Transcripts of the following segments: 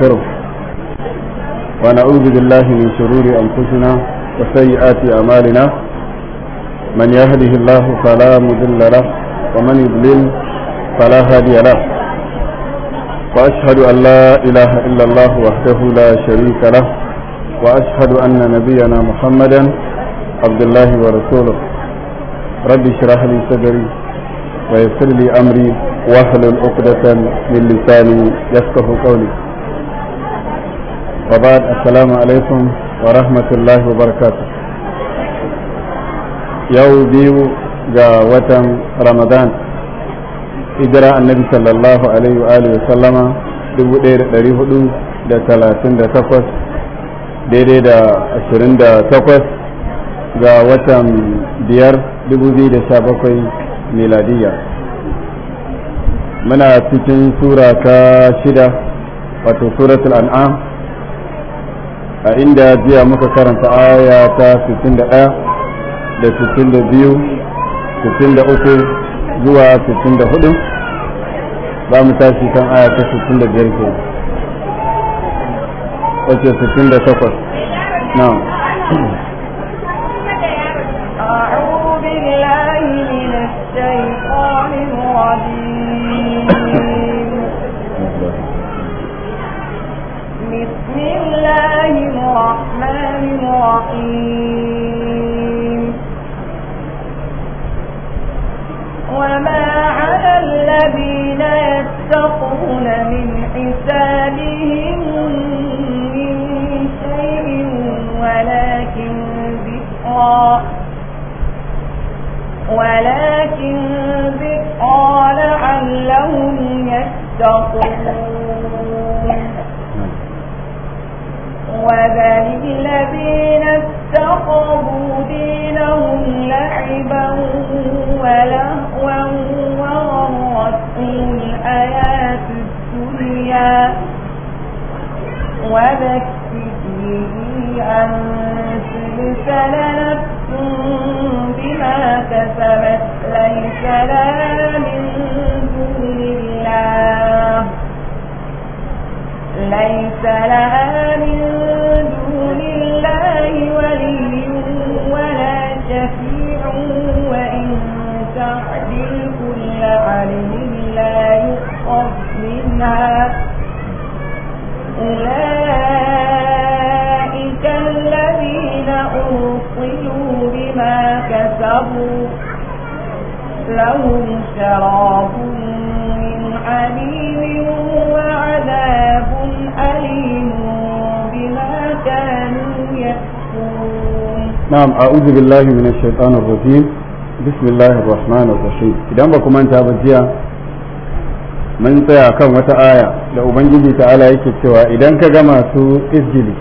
كرم ونعوذ بالله من شرور أنفسنا وسيئات أعمالنا من يهده الله فلا مضل له ومن يضلل فلا هادي له وأشهد أن لا إله إلا الله وحده لا شريك له وأشهد أن نبينا محمدا عبد الله ورسوله رب اشرح لي صدري ويسر لي أمري واحلل عقدة من لساني يفقه قولي وبعد السلام عليكم ورحمة الله وبركاته yau biyu ga watan ramadan hijira annabi sallallahu alaihi wa alihi wa sallama 1438 daidai da 28 ga watan biyar 2017 miladiya muna cikin sura shida wato suratul an'am a inda jiya muka karanta aya ta 61 da 62 63 zuwa 64 za mu tashi kan aya ta 65 ke wace 68 na رحيم وما على الذين يتقون من حسابهم من شيء ولكن ذكرى ولكن ذكرى لعلهم يتقون وبل الذين دينهم لعبا ولهوا الدنيا أن بما كسبت ليس لها من دون الله ليس لها أولئك الذين أوصلوا بما كسبوا لهم شراب من حليم وعذاب أليم بما كانوا يكفرون نعم أعوذ بالله من الشيطان الرجيم بسم الله الرحمن الرحيم إذا ما كنت أبجيه mun tsaya kan wata aya da ubangiji ta ta'ala yake cewa idan ka ga masu isjili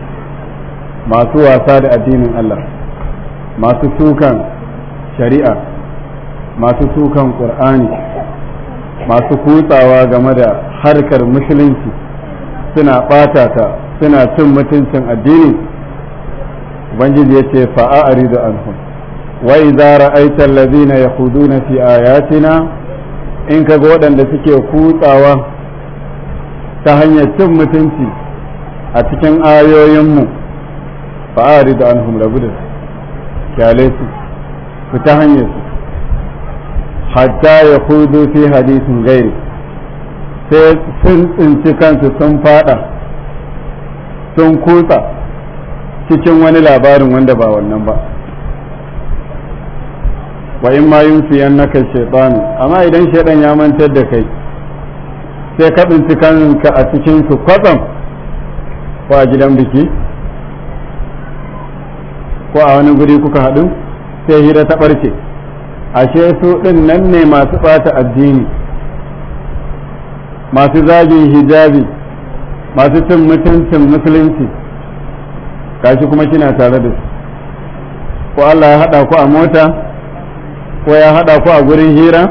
masu wasa da addinin Allah masu sukan shari'a masu sukan qur'ani masu kutsawa game da harkar musulunci suna ɓata ta suna cin mutuncin addini ubangiji ya ce fa'a aridu anhum wa idza ra'aita allazina yakhuduna fi ayatina in ka ga waɗanda suke kutsawa ta hanyar cin mutunci a cikin ayoyinmu fa'ari da an rabu da kyale su su ta hanyar su hatta ya kudu fi hadisin gairi sai sun tsinci kansu sun fada sun kutsa cikin wani labarin wanda ba wannan ba wa in ma na kai shaytanu amma idan shaitan ya mantar da kai sai ka tsinci kanka a cikin su kwatsam ko a gidan biki ko a wani guri kuka haɗu sai hira ta ɓarke ashe su ɗin nan ne masu ɓata addini masu zagin hijabi masu cin mutuncin musulunci kashi kuma kina tare da su ko Allah ya haɗa ku a mota ko ya hada ku a gurin hira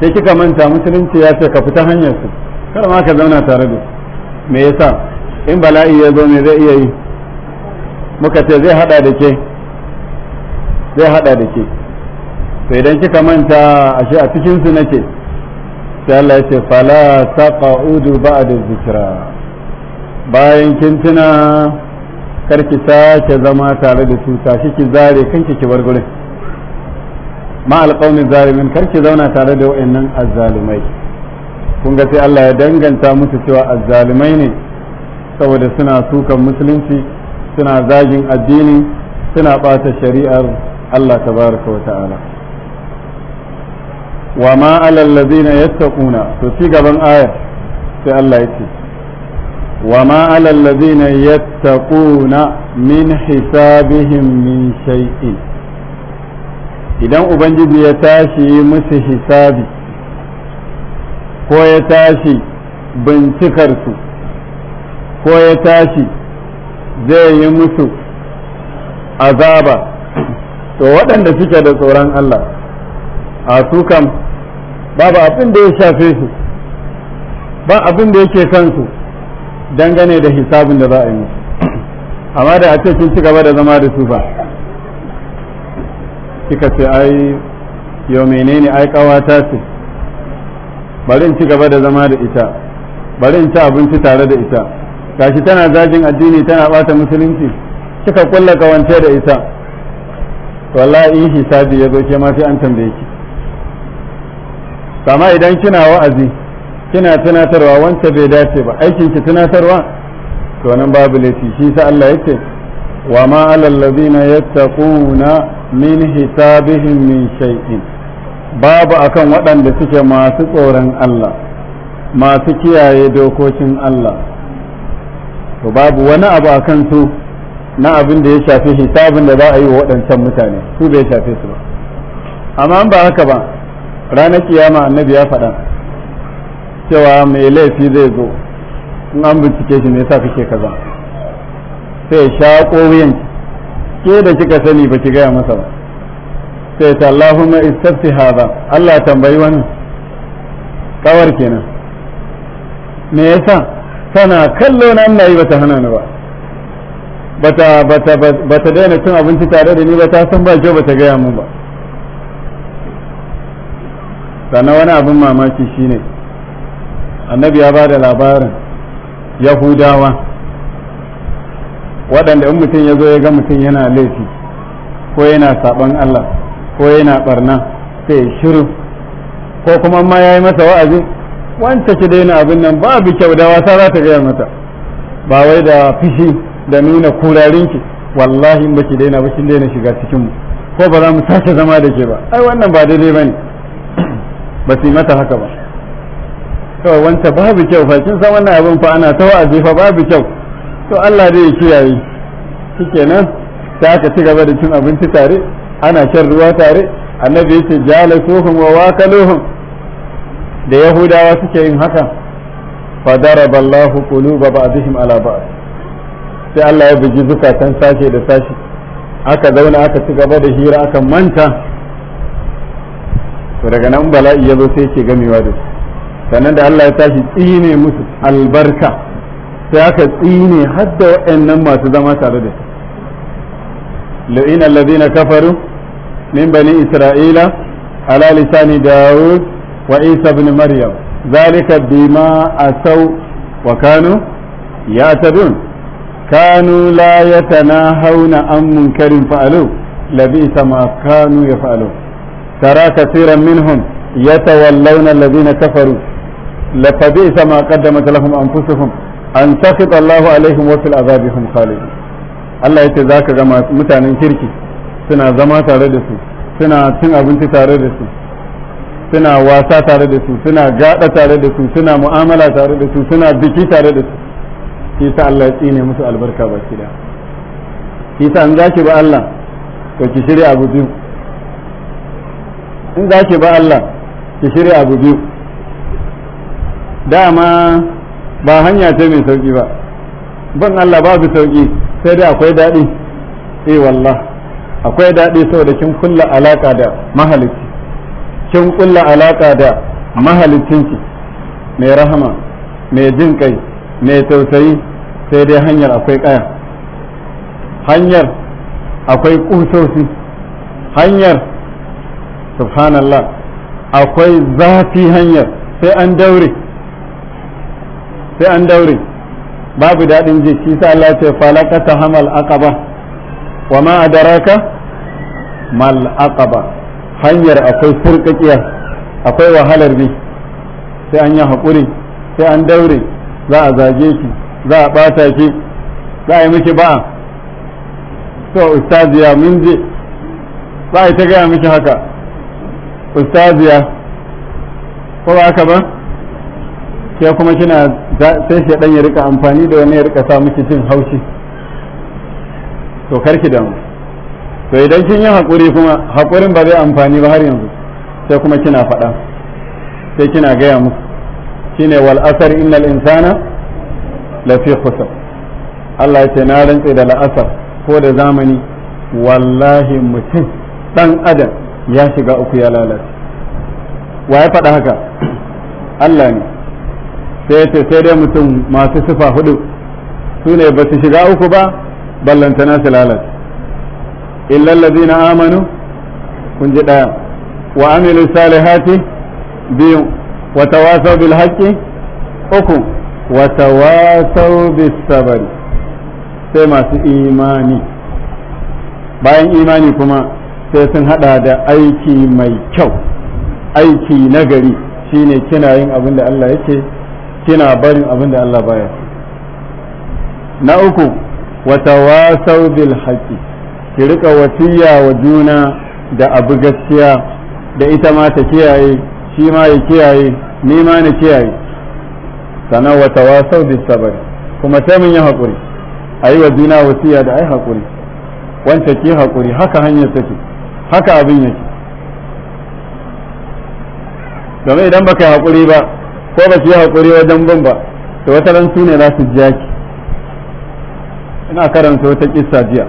sai kika manta musulunci ya ce ka fita hanyar su kar ma ka zauna tare da me yasa in bala'i ya zo me zai iya yi muka ce zai hada da ke zai hada da ke to idan kika manta ashe a cikin su nake sai Allah ya ce fala taqaudu ba'da zikra bayan kin tuna karki sake zama tare da su tashi ki zare kanki ki bar gurin ma alqaumin zalimin kar ki zauna tare da wayannan azzalumai kun ga sai Allah ya danganta musu cewa azzalumai ne saboda suna sukan musulunci suna zagin addini suna bata shari'ar Allah tabaraka wa ta'ala wa ma alal ladina yattaquna to ci gaban aya sai Allah ya ce wa ma alal ladina yattaquna min hisabihim min shay'in idan ubangiji ya tashi musu hisabi ko ya tashi bincikarsu ko ya tashi zai yi musu azaba to waɗanda suke da tsoron Allah a su kam babu abin da ya shafe su ba abin da yake kansu dangane da hisabin da za a yi musu amma da a ce kin ci gaba da zama da su ba kika ce ai yau menene ai kawata ce bari in ci gaba da zama da ita bari in ci abinci tare da ita gashi tana zagin addini tana bata musulunci kika kulla kawance da ita wallahi in hisabi ya zo ke ma sai an tambaye ki kama idan kina wa'azi kina tunatarwa wancan bai dace ba aikin ki tunatarwa to nan babu laifi shi sa Allah yake وما على الذين يتقون من حسابهم من شيء باب suke masu لسك allah masu kiyaye dokokin allah to babu wani abu akan su na abin da ya shafi hisabin da za a yi wa waɗancan mutane su bai shafe su ba amma ba haka ba ranar kiyama annabi ya faɗa cewa mai laifi zai zo in an bincike shi me yasa kake kaza sai ya shaƙo wuyan ke da kika sani ba ki gaya masa ba sai ta Allahumma istafti hada Allah tambayi wannan kawar kenan me yasa tana kallo na Allah yi bata hana ni ba bata bata bata daina cin abinci tare da ni ba ta san ba kyau bata gaya min ba sannan wani abin mamaki shine annabi ya bada labarin yahudawa waɗanda in mutum ya zo ya ga mutum yana laifi ko yana saɓon Allah ko yana ɓarna sai shiru ko kuma ma ya yi masa wa'azi wanta ki daina abin nan bi kyau da wasa za ta gaya mata ba wai da fishi da nuna kurarinki wallahi in ki daina ba kin daina shiga cikin mu ko ba za mu sake zama da ke ba ai wannan ba daidai bane ba su yi mata haka ba kawai wanta babu kyau fa kin san wannan abin fa ana ta wa'azi fa babu kyau to Allah zai ya kiyaye kenan sai aka ci gaba da cin abinci tare ana shan ruwa tare annabi ya ce jalasuhum wa wakaluhum da yahudawa suke yin haka fa daraba Allah quluba ba'dihim ala ba'd sai Allah ya bugi zukatan sashe da sashi aka zauna aka ci gaba da hira aka manta to daga nan bala'i ya zo sai ke gamewa da sannan da Allah ya tashi tsine musu albarka sai aka tsine har da waɗannan masu zama tare da shi lu'in kafaru min bani isra'ila ala lisani daud wa isa ibn maryam zalika bima asaw wa kanu ya ya'tadun kanu la yatanahawna an munkarin fa'alu labisa ma kanu ya yaf'alu tara kathiran minhum yatawallawna allazina kafaru لفبئس ما قدمت لهم انفسهم an sakit Allahu alaihim wa fil azabihim khalid Allah yace zaka ga mutanen kirki suna zama tare da su suna cin abinci tare da su suna wasa tare da su suna gada tare da su suna mu'amala tare da su suna biki tare da su shi sa Allah ya tsine musu albarka shi da shi in an zaki ba Allah to ki shirya abu biyu in zaki ba Allah ki shirya abu biyu dama ba hanya ce mai sauki ba ban Allah babu sauki sai dai akwai daɗi eh wallah akwai daɗi saboda kin kulla alaka da mahalicci kin kulla alaka da mahalicinki mai rahama mai jin kai mai tausayi sai dai hanyar akwai kaya hanyar akwai kusosi hanyar subhanallah akwai zafi hanyar sai an daure sai an daure babu daɗin ji shi sa Allah ce falaka ta hamal aqaba wa ma adaraka mal aqaba hanyar akwai furkakiya akwai wahalar bi sai an yi haƙuri sai an daure za a zage ki za a ɓata ki za a yi miki ba to ustaziya mun je za a yi ta gaya miki haka ustaziya ko ba haka ba ke kuma kina sai shaidan ya rika amfani da wani ya rika sa miki cin haushi to karki mu to idan kin yi haƙuri kuma haƙurin ba zai amfani ba har yanzu sai kuma kina faɗa sai kina gaya musu shine wal asar innal insana lafi khusr Allah ya ce na rantse da la'asar ko da zamani wallahi mutum dan adam ya shiga uku ya lalace wa ya faɗa haka Allah ne sai ce sai dai mutum masu sufa hudu su ne ba su shiga uku ba ballantana su lalace illallazi na amanu kun ji ɗaya wa amilu salihati biyu wa tawasau bil haƙƙi uku wa tawasau bis sabari sai masu imani bayan imani kuma sai sun hada da aiki mai kyau aiki nagari shine kina yin abin da Allah yake kina barin abin da Allah baya na uku wata wasau bil haqqi ki rika wasiya wa juna da abu gaskiya da ita ma ta kiyaye shi ma ya kiyaye ni ma na kiyaye sannan wata wasau bil sabr kuma sai mun yi hakuri ayi wa juna wasiya da ai hakuri wanda ki hakuri haka hanyar take haka abin yake domin idan baka hakuri ba ko ba su yi haƙuri wajen bin ba to wata ran su ne za su ja ki ina karanta wata kissa jiya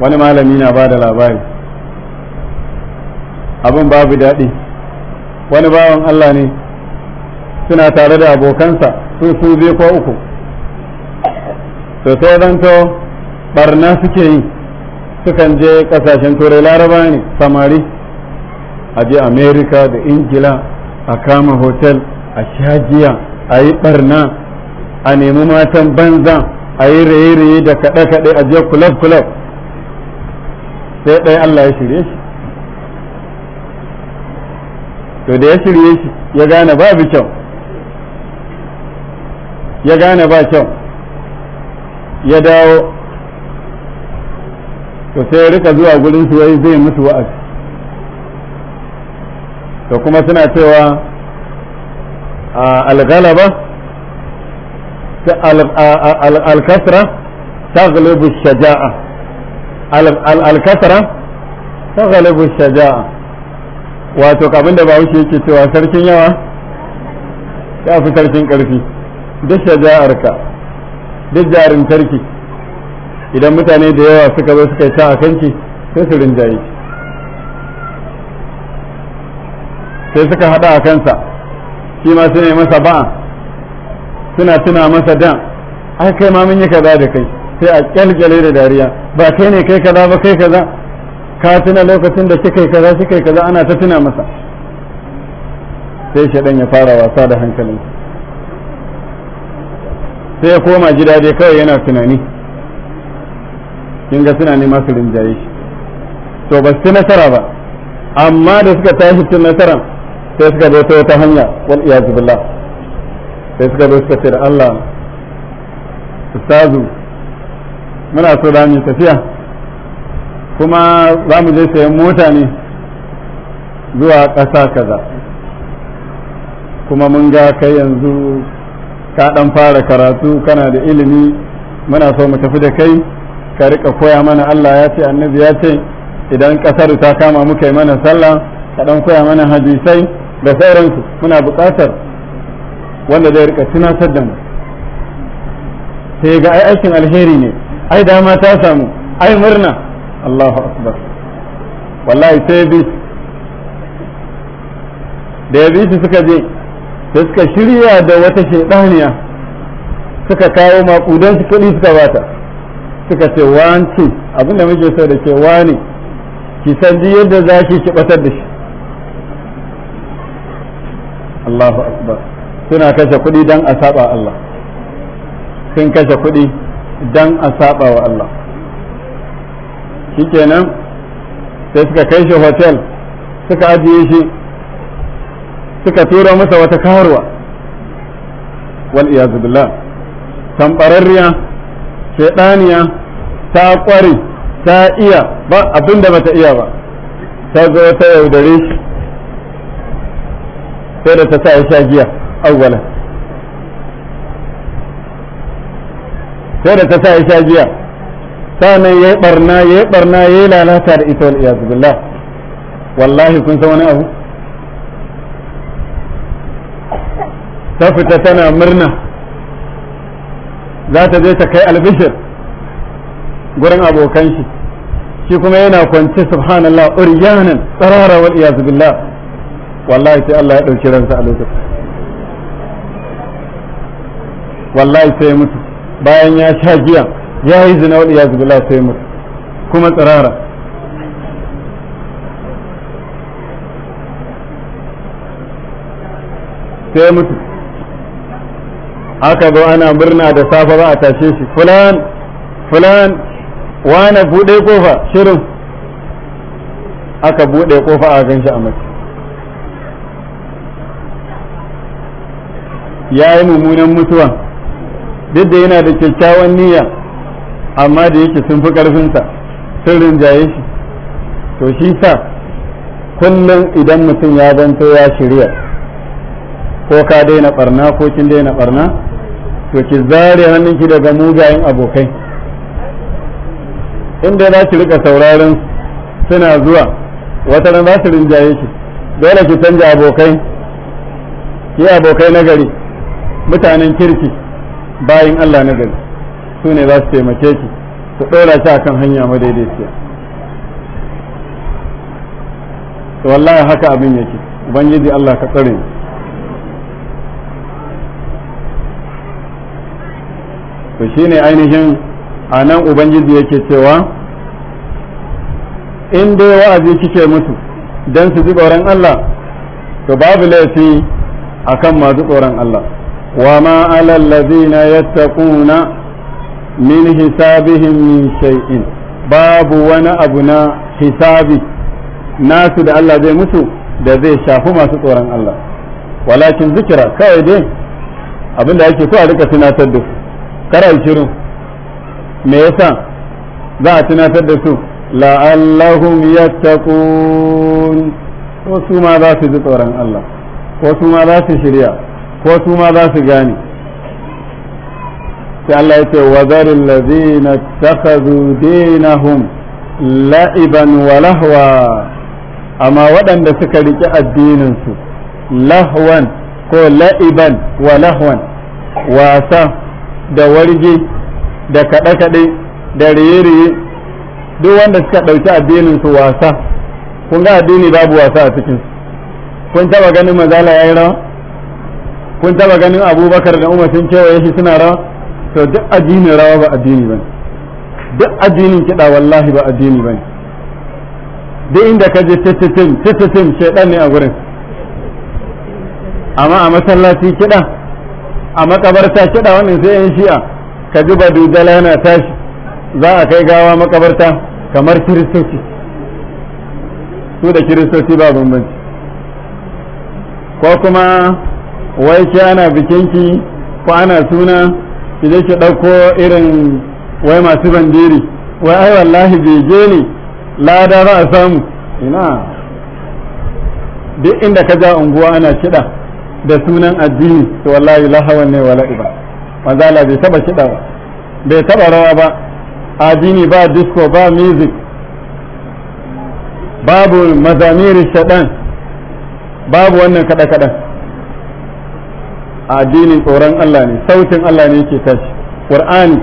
wani malami na ba da labari abin babu daɗi wani bawan Allah ne suna tare da abokansa su su biyu ko uku to sai zanto barna suke yi sukan je ƙasashen turai laraba ne samari a je america da ingila a kama hotel a shajiya a yi barna a nemi matan banza a yi raye-raye da kaɗe-kaɗe a je kulab-kulab sai ɗaya allah ya shirye shi to da ya shirye shi ya gane babu kyau ya gane ba kyau ya dawo to sai ya rika zuwa gurin su wai zai mutu wa'azi to kuma suna cewa al-ghalaba al-kasra taghlibu shaja'a al-kasra taghlibu shaja'a wato kabin da wuce yake cewa sarkin yawa ya fi sarkin karfi duk ka duk jarin tarki idan mutane da yawa suka zo suka yi ta a kanki sai su rinjaye sai suka hada a kansa shi ma suna yi masa ba'a suna tuna masa dan ai kai ma mun yi kaza da kai sai a kyalkyale da dariya ba kai ne kai kaza ba kai kaza ka tuna lokacin da kika kaza kika kaza ana ta tuna masa sai shaɗan ya fara wasa da hankalin sai ya koma gida dai kawai yana tunani kin ga suna nema su rinjaye shi to ba su nasara ba amma da suka tashi cin nasara sai suka zo ta wata hanya wal iyazu billah sai suka zo suka ce da Allah ustazu muna so da mu tafiya kuma za mu je sayan mota ne zuwa ƙasa kaza kuma mun ga kai yanzu ka ɗan fara karatu kana da ilimi muna so mu tafi da kai ka riƙa koya mana Allah ya ce annabi ya ce idan ƙasar ta kama muka yi mana sallah ka ɗan koya mana hadisai da sauransu muna buƙatar wanda zai rika tunatar da mu sai ga ai aikin alheri ne ai dama ta samu ai murna Allahu akbar wallahi sai bi da ya bi su suka je da suka shirya da wata shaidaniya suka kawo makudan su kuɗi suka bata suka ce wance abinda muke so da ke wane ki san yadda za ki ki batar da shi Allahu akbar suna kashe kuɗi dan a saba Allah sun kashe kuɗi dan a saba wa Allah shikenan sai suka kai shi hotel suka ajiye shi suka tura masa wata karuwa wal iyazu billah tambararriya shaidaniya ta kware ta iya ba abinda bata iya ba ta zo ta yaudare shi sai da ta sa ya sha giya awwalan sai da ta sa ya sha giya sanan yayi barna yayi barna yayi lalata da ita wal iyaz billah wallahi kun san wani abu ta fita tana murna za ta je ta kai albishir gurin abokan shi shi kuma yana kwance subhanallah uryanan tsarara wal iyaz billah wallahi sai Allah ya ɗauki ransa a lokacin wallahi sai mutu bayan ya sha giya ya yi zina wani ya zubila sai mutu kuma tsirara sai mutu aka zo ana murna da safe ba a tashe shi fulan fulan wane buɗe kofa shirin aka buɗe kofa a gan shi a mace ya yi mummunan mutuwa duk da yana da kyakkyawan niyya amma da yake sun fi ƙarfinsa sun rinjaye shi to shi sa kullum idan mutum ya zanto ya shirya ko ka daina barna ko kin daina barna to ki zare hannunki daga mugayen abokai inda za ki rika sauraron suna zuwa wata ran za su rinjaye shi dole ki canja abokai ki abokai na gari mutanen kirki bayin Allah na gari su ne za su taimake ki su ɗora shi a kan hanya madaidaiciya to wallahi haka abin yake ubangiji Allah ka tsare to shine ainihin a nan ubangiji yake cewa in dai wa'azi kike mutu don su ji tsoron Allah to babu laifi a kan masu tsoron Allah وما على الذين يتقون من حسابهم من شيء باب وانا ابنا حسابي ناس da Allah zai mutu da zai shafi masu tsoron Allah walakin zikira كاي دي ابن ده ake so a rika tunatar da su kara shiru me yasa za a tunatar da su la'allahum yattaqun wasu ma za su ji tsoron Allah wasu ma za su shirya ko su ma za su gane sai Allah ya ce wa zaril ladina takhadhu dinahum la'iban wa lahwa amma waɗanda suka riƙe addininsu lahwan ko la'iban wa lahwan wasa da warge da kaɗe-kaɗe da riye-riye duk wanda suka ɗauki addininsu wasa kun ga addini babu wasa a cikin kun taba ganin mazala ya yi rawa kun taba ganin abubakar da umar sun kewaye shi suna rawa to duk addinin rawa ba addini ba duk addinin kiɗa wallahi ba addini ba duk inda ka je tititin tititin shaidan ne a gurin amma a masallaci kiɗa a makabarta kiɗa wannan sai yan shi'a ka ji ba dudala yana tashi za a kai gawa makabarta kamar kiristoci su da kiristoci ba bambanci ko kuma wai ke ana bikinki ko ana suna ki je ki ɗauko irin wai masu bandiri wai ai wallahi bege ne lada za a samu ina duk inda ka ja unguwa ana kiɗa da sunan addini to wallahi lahawan ne wala iba manzala bai taba kiɗa ba bai taba rawa ba addini ba disco ba music babu mazamirin shaɗan babu wannan kaɗa-kaɗan addinin tsoron Allah ne sautin Allah ne yake tashi qur'ani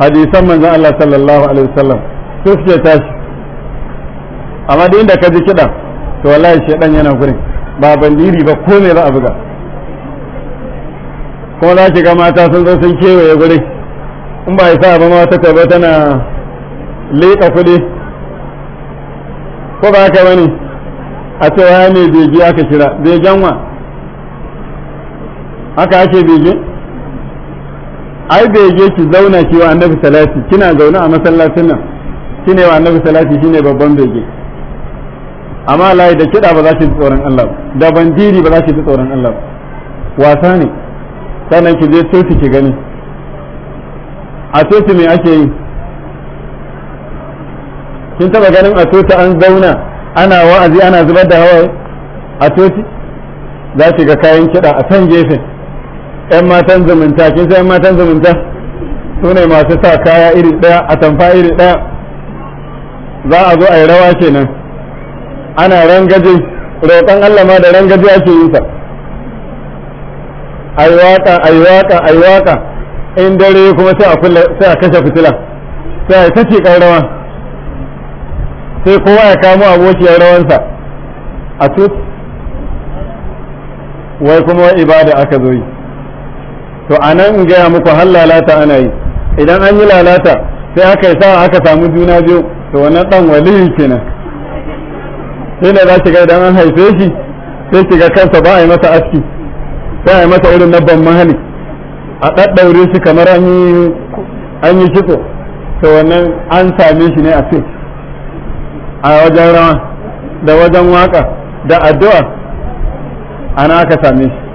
hadisan manzon Allah sallallahu alaihi wasallam su suke tashi amma da inda ka ji kiɗa to wallahi shedan yana gurin ba bandiri ba ko me za a buga kuma za ki ga mata sun zo sun kewaye gure in ba isa ba ma ta ba tana leka kuɗi ko ba ka bane a cewa mai bege aka kira begen wa haka ake bege ai bege ki zauna ki wa annabi salati kina zaune a masallacin nan shine wa annabi salati shine babban bege amma layi da kiɗa ba za ki ji tsoron Allah da bandiri ba za ki ji tsoron Allah wasa ne sannan ki je coci ki gani a coci me ake yi kin taba ganin a coci an zauna ana wa'azi ana zubar da hawaye a coci za ki ga kayan kiɗa a san gefen 'yan matan zumunta kin san 'yan matan zumunta su ne masu sa kaya iri ɗaya a tamfa iri ɗaya za a zo a yi rawa kenan ana rangaje roƙon Allah ma da rangaje ake yi sa a yi waƙa a yi waƙa in dare kuma sai a kashe fitila sai a yi kan rawa sai kowa ya kamo abokiyar rawansa a tut wai kuma ibada aka zo yi to anan in gaya muku har lalata ana yi idan an yi lalata sai aka yi sa'a aka samu juna biyu to wannan dan waliyi kenan sai da za ki ga idan an haife shi sai ki ga kansa ba a yi masa aski sai a yi masa irin na ban mahali a ɗaɗɗaure shi kamar an yi kitso to wannan an same shi ne a ce a wajen rawa da wajen waka da addu'a ana aka same shi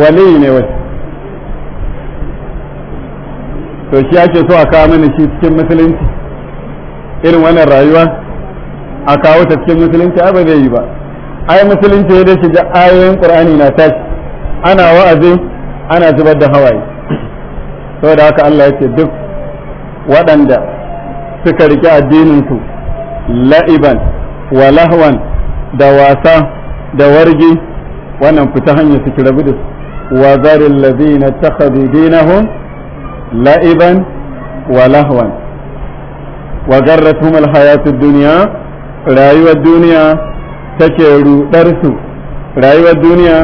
waliyi ne wai to shi ake so a kawo mana shi cikin musulunci irin wannan rayuwa a kawo ta cikin musulunci ai ba zai yi ba ai musulunci ya shiga ayoyin qur'ani na tashi ana wa'azi ana zubar da hawaye saboda haka Allah yake duk waɗanda suka rike addinin su la'iban wa lahwan da wasa da wargi wannan fita hanyar su rabu da su وذر الذين اتخذوا دينهم لعبا ولهوا وغرتهم الحياة الدنيا رأيوا الدنيا تكيروا درسوا رأيوا الدنيا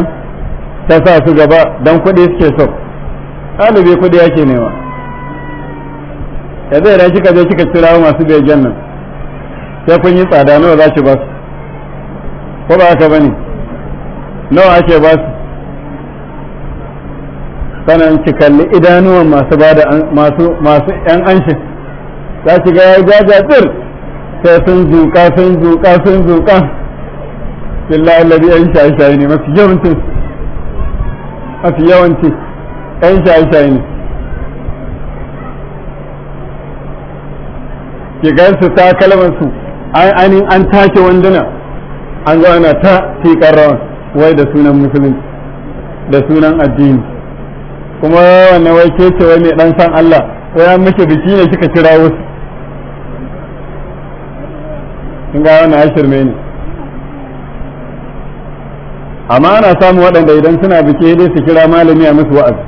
تساسوا غباء دم كدي سكيسوا قالوا بي كدي أكينيوا yanzu idan kika je kika kirawo masu begen nan sai kun yi tsada nawa za ki ba su ko ba haka ba ne nawa ake ba su kana ci kalli idanuwan masu bada masu masu yan anshin za ki ga ya ga tsir sai sun zuka sun zuka sun zuka billahi alladhi yan shaye-shaye ne mafi yawanci mafi yawanci yan shaye-shaye ne ki su ta kalmar su an an take wanduna an ga ana ta fi rawan wai da sunan musulunci da sunan addini kuma wannan wai ke ce wai mai dan san Allah sai an miki biki ne kika kira wasu kin ga wannan ashir me ne amma ana samun waɗanda idan suna biki dai su kira malami a musu wa'azi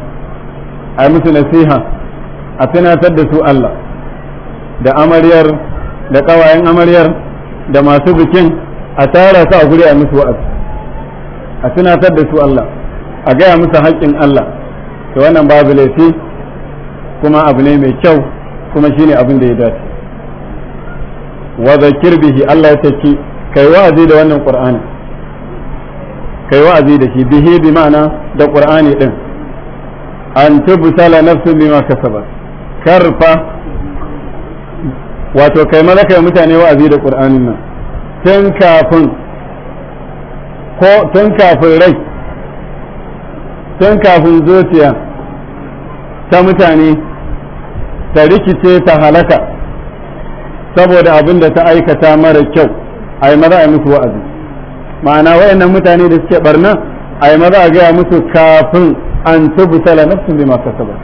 a musu nasiha a tunatar da su Allah da amaryar da ƙawayen amaryar da masu bikin a tara su a guri a musu wa'azi a tunatar da su Allah a gaya musu haƙƙin Allah to wannan babu laifi kuma abu ne mai kyau kuma shine abin da ya dace wa zakir bihi Allah ya ce kai wa'azi da wannan qur'ani kai wa'azi da shi bihi bi ma'ana da qur'ani din an tubtala nafsun bima kasabat karfa wato kai maza kai mutane wa'azi da qur'anin nan tun kafin ko tun kafin rai tun kafin zuciya ta mutane ta rikice ta halaka saboda abin da ta aikata mara kyau a yi maza a musu wa'azi ma'ana wayannan mutane da suke barna a yi maza a gaya musu kafin an tubutala nafsun bi masu saba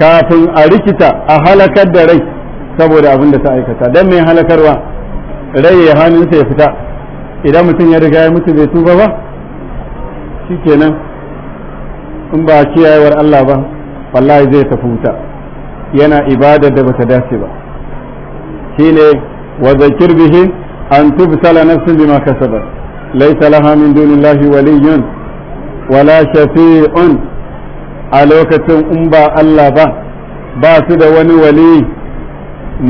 kafin a rikita a halakar da rai saboda abin da ta aikata don mai halakarwa rai ya hannunsa ya fita idan mutum ya riga ya mutu bai tuba ba shikenan in ba kiyayewar Allah ba wallahi zai tafi wuta yana ibadar da bata dace ba shine wa zakir bihi an tubsala nafsin bima kasabat laysa laha min dunillahi waliyyun wala shafi'un a lokacin in ba Allah ba ba su da wani wali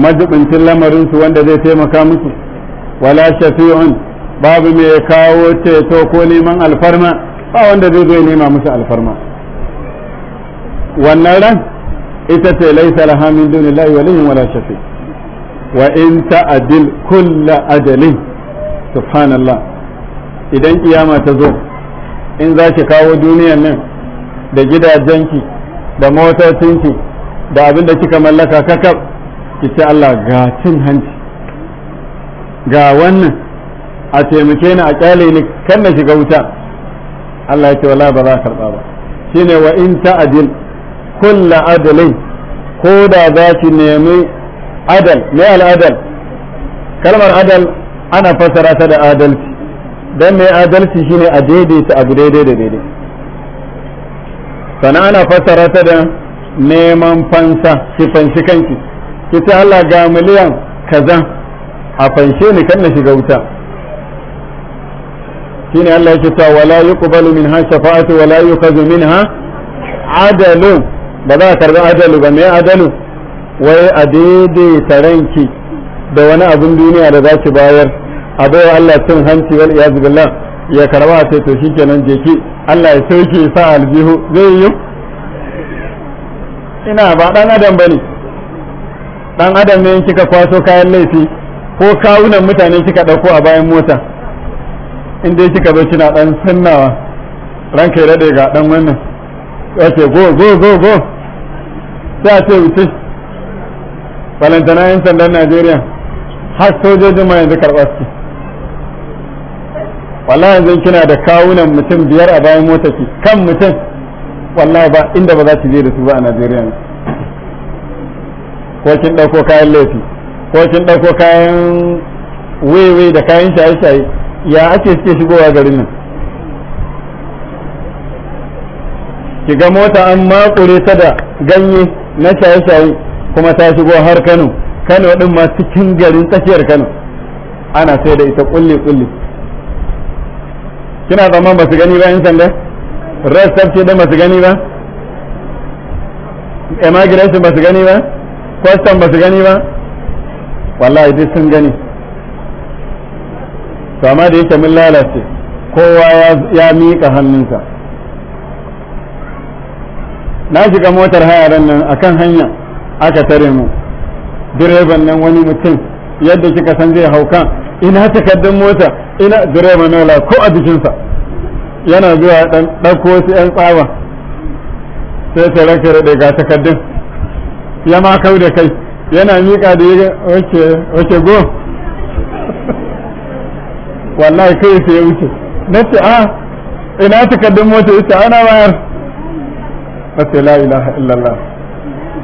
majibincin lamarinsu wanda zai taimaka musu wala shafi'un babu mai kawo ceto ko neman alfarma ba wanda zai zo nema musu alfarma wannan ran ita ce laisa laha min dunillahi waliyyin wala shafi wa in ta'dil kull adalin subhanallah idan kiyama ta zo in za ki kawo duniyan nan da gidajenki da motocinki da abin da kika mallaka kakab ki ce Allah ga cin hanci ga wannan a taimake ni a kyale ni kan na shiga wuta Allah ya ce wala ba za a karba ba shine wa in ta'dil kulla adalai ko da za ki nemi adal me al'adal kalmar adal ana fassara ta da adalci don me adalci shine a daidaita abu daidai da daidai sannan ana fassara ta da neman fansa ki fanshi kanki ki ce Allah ga miliyan kaza a fanshe ni kan na shiga wuta shine Allah ya ce wala yuqbalu minha shafa'atu wala yuqazu minha adalun ba za a karbi adalu ba mai adalu wai a daidaita ranki da wani abin duniya da za ki bayar a baiwa Allah cin hanci wal iyazu billah ya karba sai to shikenan nan ki Allah ya sauke sa aljihu zai yi ina ba dan adam bane dan adam ne kika kwaso kayan laifi ko kawunan mutane kika ɗauko a bayan mota inda dai kika bar kina dan sannawa ranka ya daɗe ga dan wannan yace go go go go sai a ce wuce balantana yan sandan najeriya har sojojin ma yanzu karɓa su wallahi yanzu kina da kawunan mutum biyar a bayan mota ki kan mutum wallahi ba inda ba za ki je da su ba a najeriya ko kin ɗauko kayan laifi ko kin ɗauko kayan wewe da kayan shaye-shaye ya ake suke shigowa garin nan ki ga mota an makure ta da ganye na shaye-shaye kuma ta shigo har Kano Kano din ma cikin garin tsakiyar Kano ana sai da ita kulle kulle kina zaman ba su gani ba yan sanda red ce da ba su gani ba emigration ba su gani ba custom ba su gani ba wallahi duk sun gani to amma da yake mun lalace kowa ya miƙa hannunsa na shiga motar hayaran nan akan hanya aka tare mu direban nan wani mutum yadda kika san zai hauka ina takardar mota ina direban nola ko a bikinsa. yana zuwa dan dauko wasu 'yan tsawa sai ta ranka raɗe ga takardun ya ma kau da kai yana miƙa da yi wace go wallahi kai sai ya wuce na ce a ah, ina takardun mota ita ana wayar sai la ilaha illallah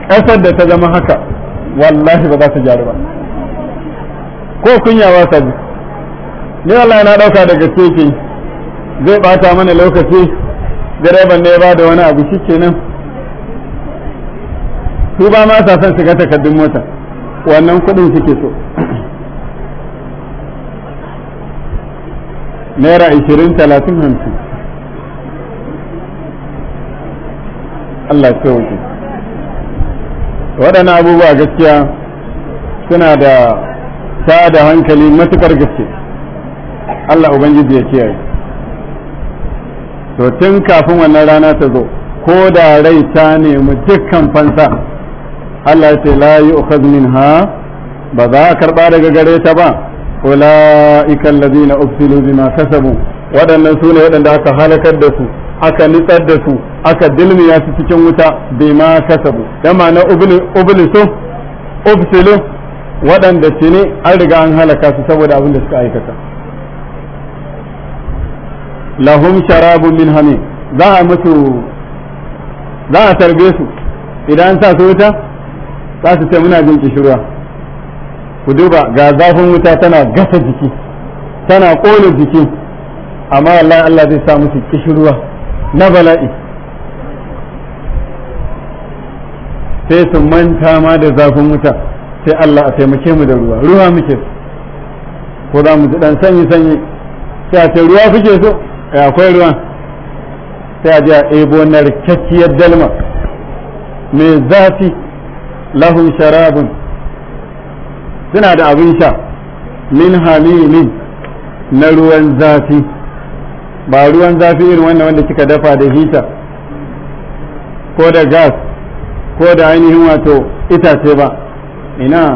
ƙasar da ta zama haka wallahi ba za ta gyaru ba ko kunyawa ta ji ni Allah na ɗauka daga cikin zai bata mana lokaci direban ne ba da wani abu shikenan su ba ma sa son shiga takardun mota wannan kuɗin suke so naira ishirin talatin hamsin Allah wuce waɗannan abubuwa gaskiya suna da ta da hankali matukar gaske Allah Ubangiji ya kiyaye to tun kafin wannan rana ta zo ko da rai ta nemi dukkan fansa Allah ya ce la yu'khadh minha ba za a karɓa daga gare ta ba ulaika allazina ubsilu bima kasabu waɗannan su ne waɗanda aka halakar da su aka nitsar da su aka dilmiya su cikin wuta bai ma kasabu da ma'ana ublisu ubsilu waɗanda ce ne an riga an halaka su saboda abin da suka aikata lahum sharabu min hamim za a mutu za a tarbe su idan sa su wuta za su ce muna jin kishirwa ku duba ga zafin wuta tana gasa jiki tana ƙone jiki amma wallahi Allah zai sa musu kishirwa na bala'i sai su manta ma da zafin wuta sai Allah a taimake mu da ruwa ruwa muke ko za mu ji dan sanyi sanyi sai a ce ruwa kuke so eh, akwai ruwa sai a ji a ebo na rikakkiyar dalma mai zafi lahun sharabin suna da abin sha min halilin na ruwan zafi ba ruwan zafi irin wannan wanda kika dafa da hita ko da gas ko da ainihin wato itace ba ina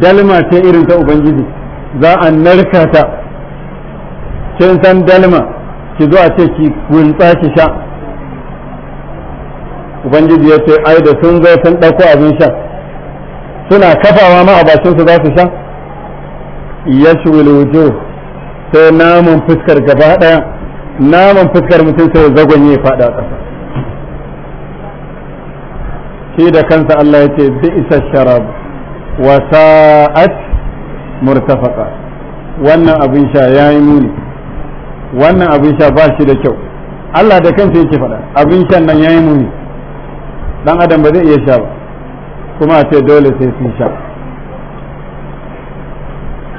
dalma ce irin ta ubangiji za a narka ta kin san dalma ki zo a ce ki gunta ki sha ubangiji ya ce ai da sun zo sun ɗauko abin sha suna kafawa ma a bakinsu za su sha yashwil wujuh sai naman fuskar gaba ɗaya naman fuskar mutum sai zagon ya faɗa ƙasa shi da kansa Allah ya ce bi isa sharab wa sa'at murtafaka wannan abin sha ya yi muni wannan abin sha ba shi da kyau Allah da kansa yake faɗa abin shan nan yi muni dan adam ba zai iya sha ba kuma a ce dole sai sun sha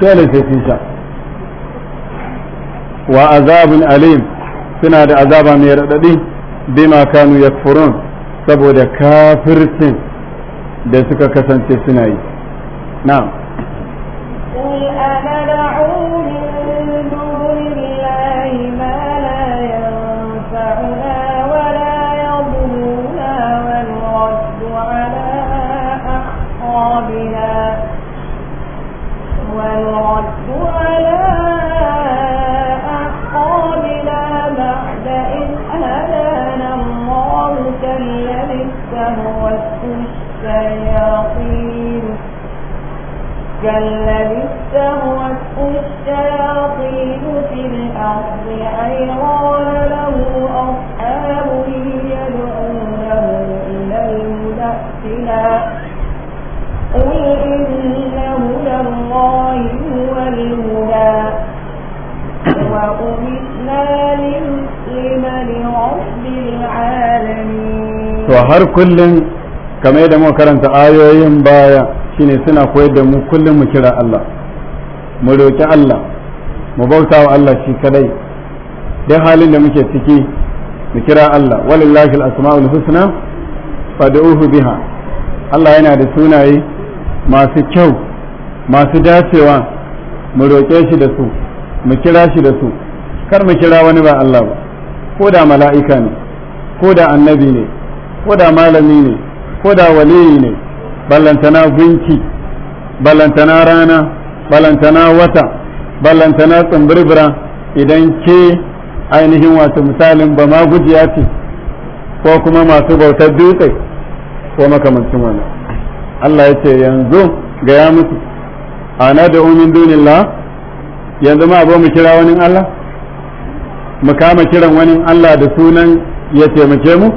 dole sai sun sha wa azabun alim suna da azaba mai raɗaɗi bima kanu yakfurun saboda kafircin da suka kasance suna yi na'am To har kullum kamar yadda muka karanta ayoyin baya shine suna koyar da mu kullum mu kira Allah mu roki Allah mu bauta wa Allah shi kadai dai halin da muke ciki mu kira Allah walillahi al-asma'ul husna fad'uhu biha Allah yana da sunaye masu kyau masu dacewa mu roƙe shi da su mu kira shi da su kar mu kira wani ba Allah ba ko da mala'ika ne ko da annabi ne ko da malami ne ko da waliyi ne ballantana gunki ballantana rana ballantana wata ballantana tsumbirbira idan ke ainihin wato misalin ba ma gujiya ce ko kuma masu bautar dutse ko makamancin wani. Allah ya ce yanzu gaya musu ana da umin dunillah yanzu ma abu mu kira wani Allah mu kama kiran wani Allah da sunan ya taimake mu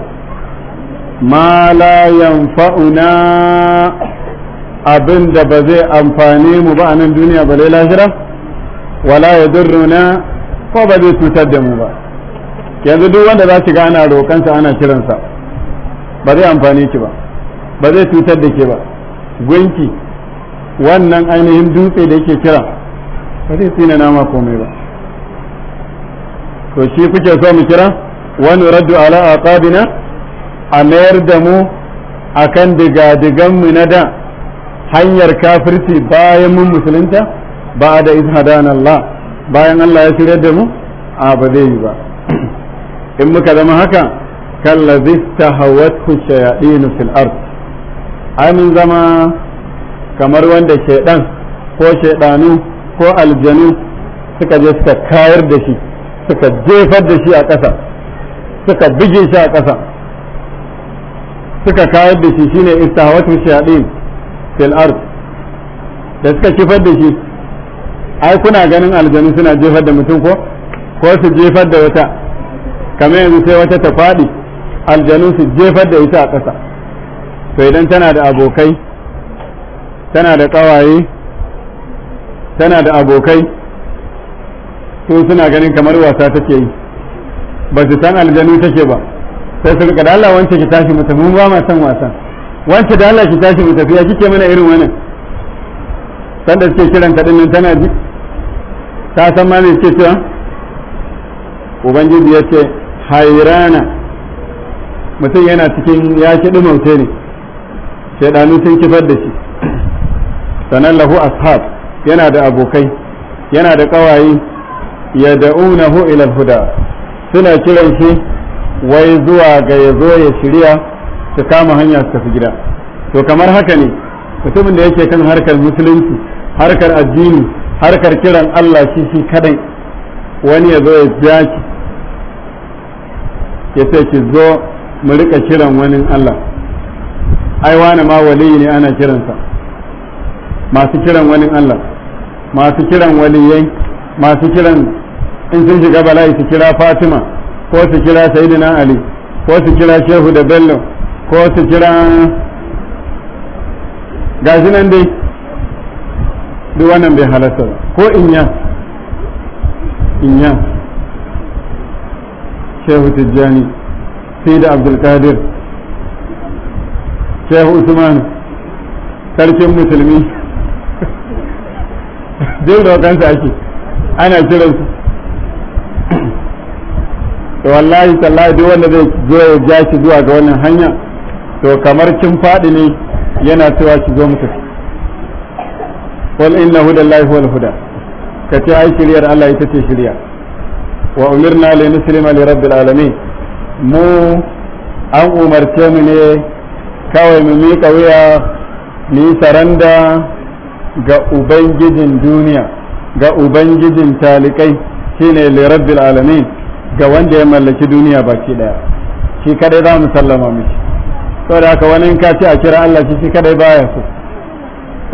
ma la yanfa'una abin da ba zai amfane mu ba a nan duniya ba lai lahira wala ya durruna ko ba zai cutar da mu ba yanzu duk wanda za ki ga ana roƙansa ana kiransa ba zai amfane ki ba ba zai cutar da ke ba gunki wannan ainihin dutse da yake kira ba zai tsina nama komai ba to shi kuke so mu kira wani raddu ala aqabina a mayar da mu a kan akan mu na da hanyar kafirci bayan mun musulunta ba da izhadan Allah bayan Allah ya shirya da mu a ba zai yi ba in muka zama haka kallazi tahawatu shayaɗinu fil ard ai mun zama kamar wanda shaidan ko shaidanu ko aljanu suka je suka kayar da shi suka jefar da shi a ƙasa suka bige shi a ƙasa suka kayar da shi shine istahawatu shayatin fil ard da suka kifar da shi ai kuna ganin aljanu suna jefar da mutum ko ko su jefar da wata kamar yanzu sai wata ta faɗi aljanu su jefar da ita a ƙasa to idan tana da abokai tana da ƙawaye tana da abokai to suna ganin kamar wasa take yi ba su san aljanu take ba sai su rika da Allah wance ki tashi mu tafi mu ba ma san wasan wance da Allah ki tashi mu tafi ya kike mana irin wannan sanda suke kiran ka dinnan tana ji ta san ma ne suke cewa ubangiji ya ce hairana mutum yana cikin ya ki dumauce ne shaidanu sun kifar da shi sanan lahu ashab yana da abokai yana da kawaye ya da'unahu ila huda suna kiran shi wai zuwa ga ya zo ya shirya su kama hanya su tafi gida to kamar haka ne mutumin da yake kan harkar musulunci harkar addini harkar kiran Allah shi shi kadai wani ya zo ya ja ki ya ce ki zo mu rika kiran wani Allah ai wani ma waliyi ne ana kiransa masu kiran wani Allah masu kiran waliyai masu kiran in sun shiga bala'i su kira Fatima ko su kira sayyidina ali ko su kira shehu da bello ko su kira gashi nan dai duk wannan bai halasta ko inya inya shehu tijjani sai da abdulkadir shehu usman sarkin musulmi duk kansa ake ana kiransu to wallahi tallahi duk wanda zai zo ya ja shi zuwa ga wannan hanya to kamar kin faɗi ne yana cewa ki zo muka wal inna hudallahi huwal huda kace ai shiriyar Allah ita ce shirya wa umirna li muslima li rabbil alamin mu an umarce mu ne kawai mu miƙa wuya ni saranda ga ubangijin duniya ga ubangijin talikai shine li rabbil alamin ga wanda ya mallaki duniya baki daya shi kadai za mu sallama miki saboda haka wani in ka ce a kira Allah shi kadai baya so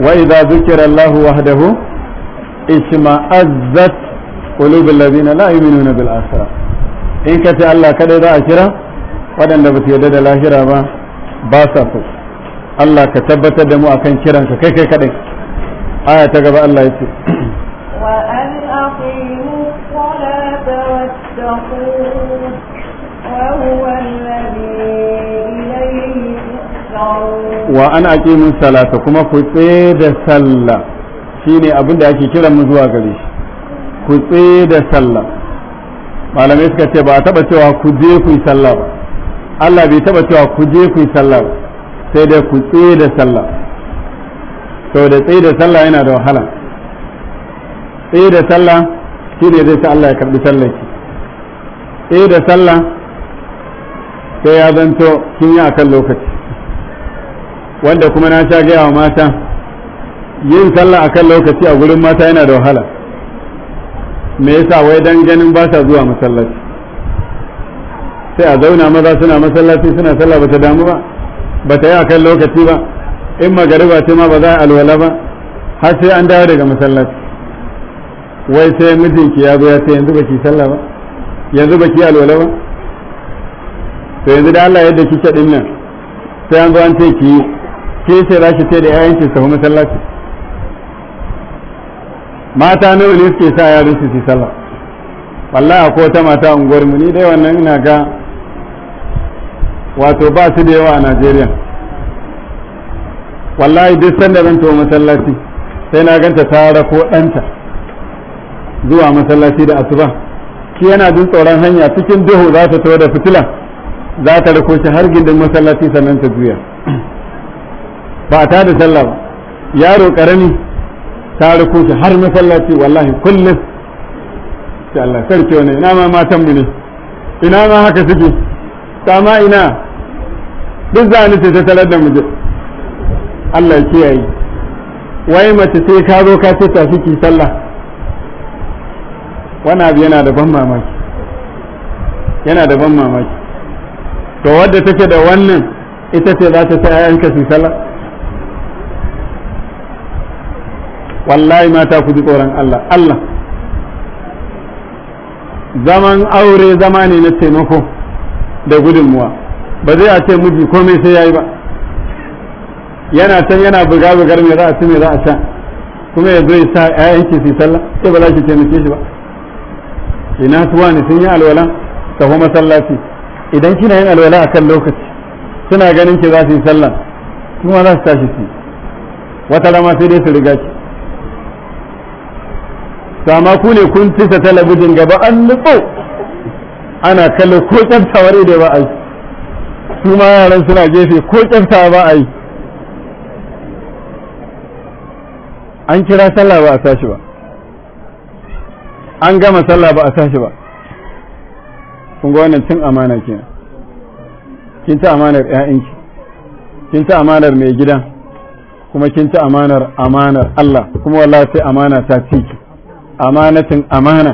wa idza zukira Allah wahdahu isma'azzat qulubul ladina la yu'minuna bil akhirah in ka ce Allah kadai za a kira waɗanda ba su yarda da lahira ba ba sa so Allah ka tabbatar da mu akan kiranka kai kai kadai aya ta gaba Allah ya ce wa an min salata kuma ku tsaye da salla shine abin da ake kiran mu zuwa gare shi ku tsaye da salla malamai suka ce ba a taba cewa ku je ku yi sallah ba Allah bai taba cewa ku je ku yi sallah ba sai dai ku tsaye da sallah da tsaye da salla yana da wahala tsaye da shi shine zai sa Allah ya karbi sallar ki tsaye da salla sai ya zanto kin yi akan lokaci wanda kuma na sha gaya wa mata yin sallah akan lokaci a gurin mata yana da wahala me yasa wai dan ganin ba sa zuwa masallaci sai a zauna maza suna masallaci suna sallah bata damu ba bata yi akan lokaci ba in magariba ce ma ba za a alwala ba har sai an dawo daga masallaci wai sai mijinki ya zo ya ce yanzu baki sallah ba yanzu baki alwala ba to yanzu da Allah yadda kike dinnan sai an zo an ce ki ke ce za shi ce da yayan ki sahu masallaci mata nawa ne suke sa yaran su su sallah wallahi ko ta mata unguwar mu ni dai wannan ina ga wato ba su da yawa a Najeriya wallahi duk sanda zan tafi masallaci sai na ganta ta rako ɗanta zuwa masallaci da asuba ki yana jin tsoron hanya cikin duhu za ta tawo da fitila za ta rako shi har gindin masallaci sannan ta juya ba ta da sallah ba yaro karami ta rako shi har masallaci wallahi kullum sai Allah sarki wani ina ma matan mu ne ina ma haka suke ma ina duk za ni ce ta tarar da mu je Allah ya kiyaye wai mace sai ka zo ka ce ta ki sallah wani abu yana da ban mamaki yana da ban mamaki to wadda take da wannan ita ce za ta sa yanka su sallah wallahi mata ku ji tsoron Allah Allah zaman aure zama ne na taimako da gudunmuwa ba zai a ce miji komai sai yayi ba yana can yana buga bugar me za a ci me za a sha kuma ya zai ya sa ƴaƴanki su sallah sai ba za ki taimake shi ba ina suwa ne sun yi alwala taho masallaci idan kina yin alwala akan lokaci suna ganin ki za su yi sallah kuma za su tashi su wata rama sai dai su riga ki sama ku ne kun cisa talabijin gaba an nutso ana kallo ko tsaftawar da ba a yi su ma yaran suna gefe ko tsafta ba a yi an kira sallah ba a tashi ba an gama sallah ba a tashi ba kun ga wannan cin amana kenan kin ci amanar ƴaƴanki kin ta amanar mai gidan kuma kin ta amanar amanar Allah kuma wallahi sai amana ta ci amanatin amana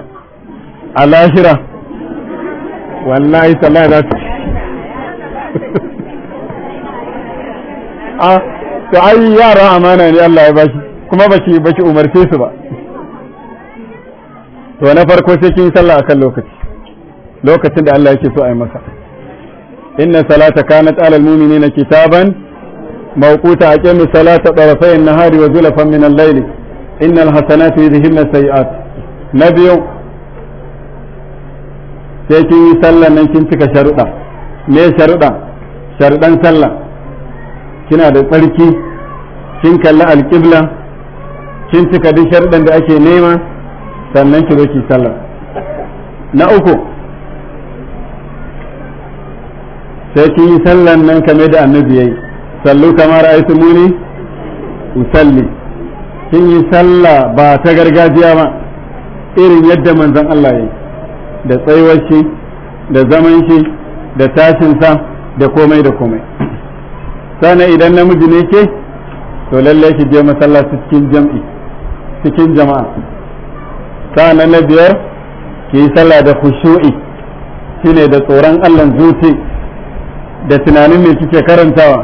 a lahira wallahi sallah za su a ah, to ai yara amana ne Allah ya bashi kuma baki baki umarce su ba to na farko sai kin sallah akan lokaci lokacin da Allah yake so a yi masa inna salata kanat alal mu'minina kitaban mawquta aqimus salata tarafay an-nahari wa zulfan min al-layli إن الحسنات يذهبن السيئات na biyu sai kin yi nan kin cika sharuɗa me sharuɗa sharuɗan sallah kina da tsarki kin kalli alƙibla kin cika duk sharuɗan da ake nema sannan ki zo ki na uku sai sallan nan kamar da annabi yayi sallu kamar aitumuni usalli sun yi sallah ba ta gargajiya ba irin yadda manzon Allah ya da tsayuwar shi da zaman shi da sa da komai da komai sana idan namiji ne ke to lallai shi je masallaci cikin jam'i cikin jama'a sana na biyar ki yi sallah da khushu'i shine da tsoron Allah zuci da tunanin me kike karantawa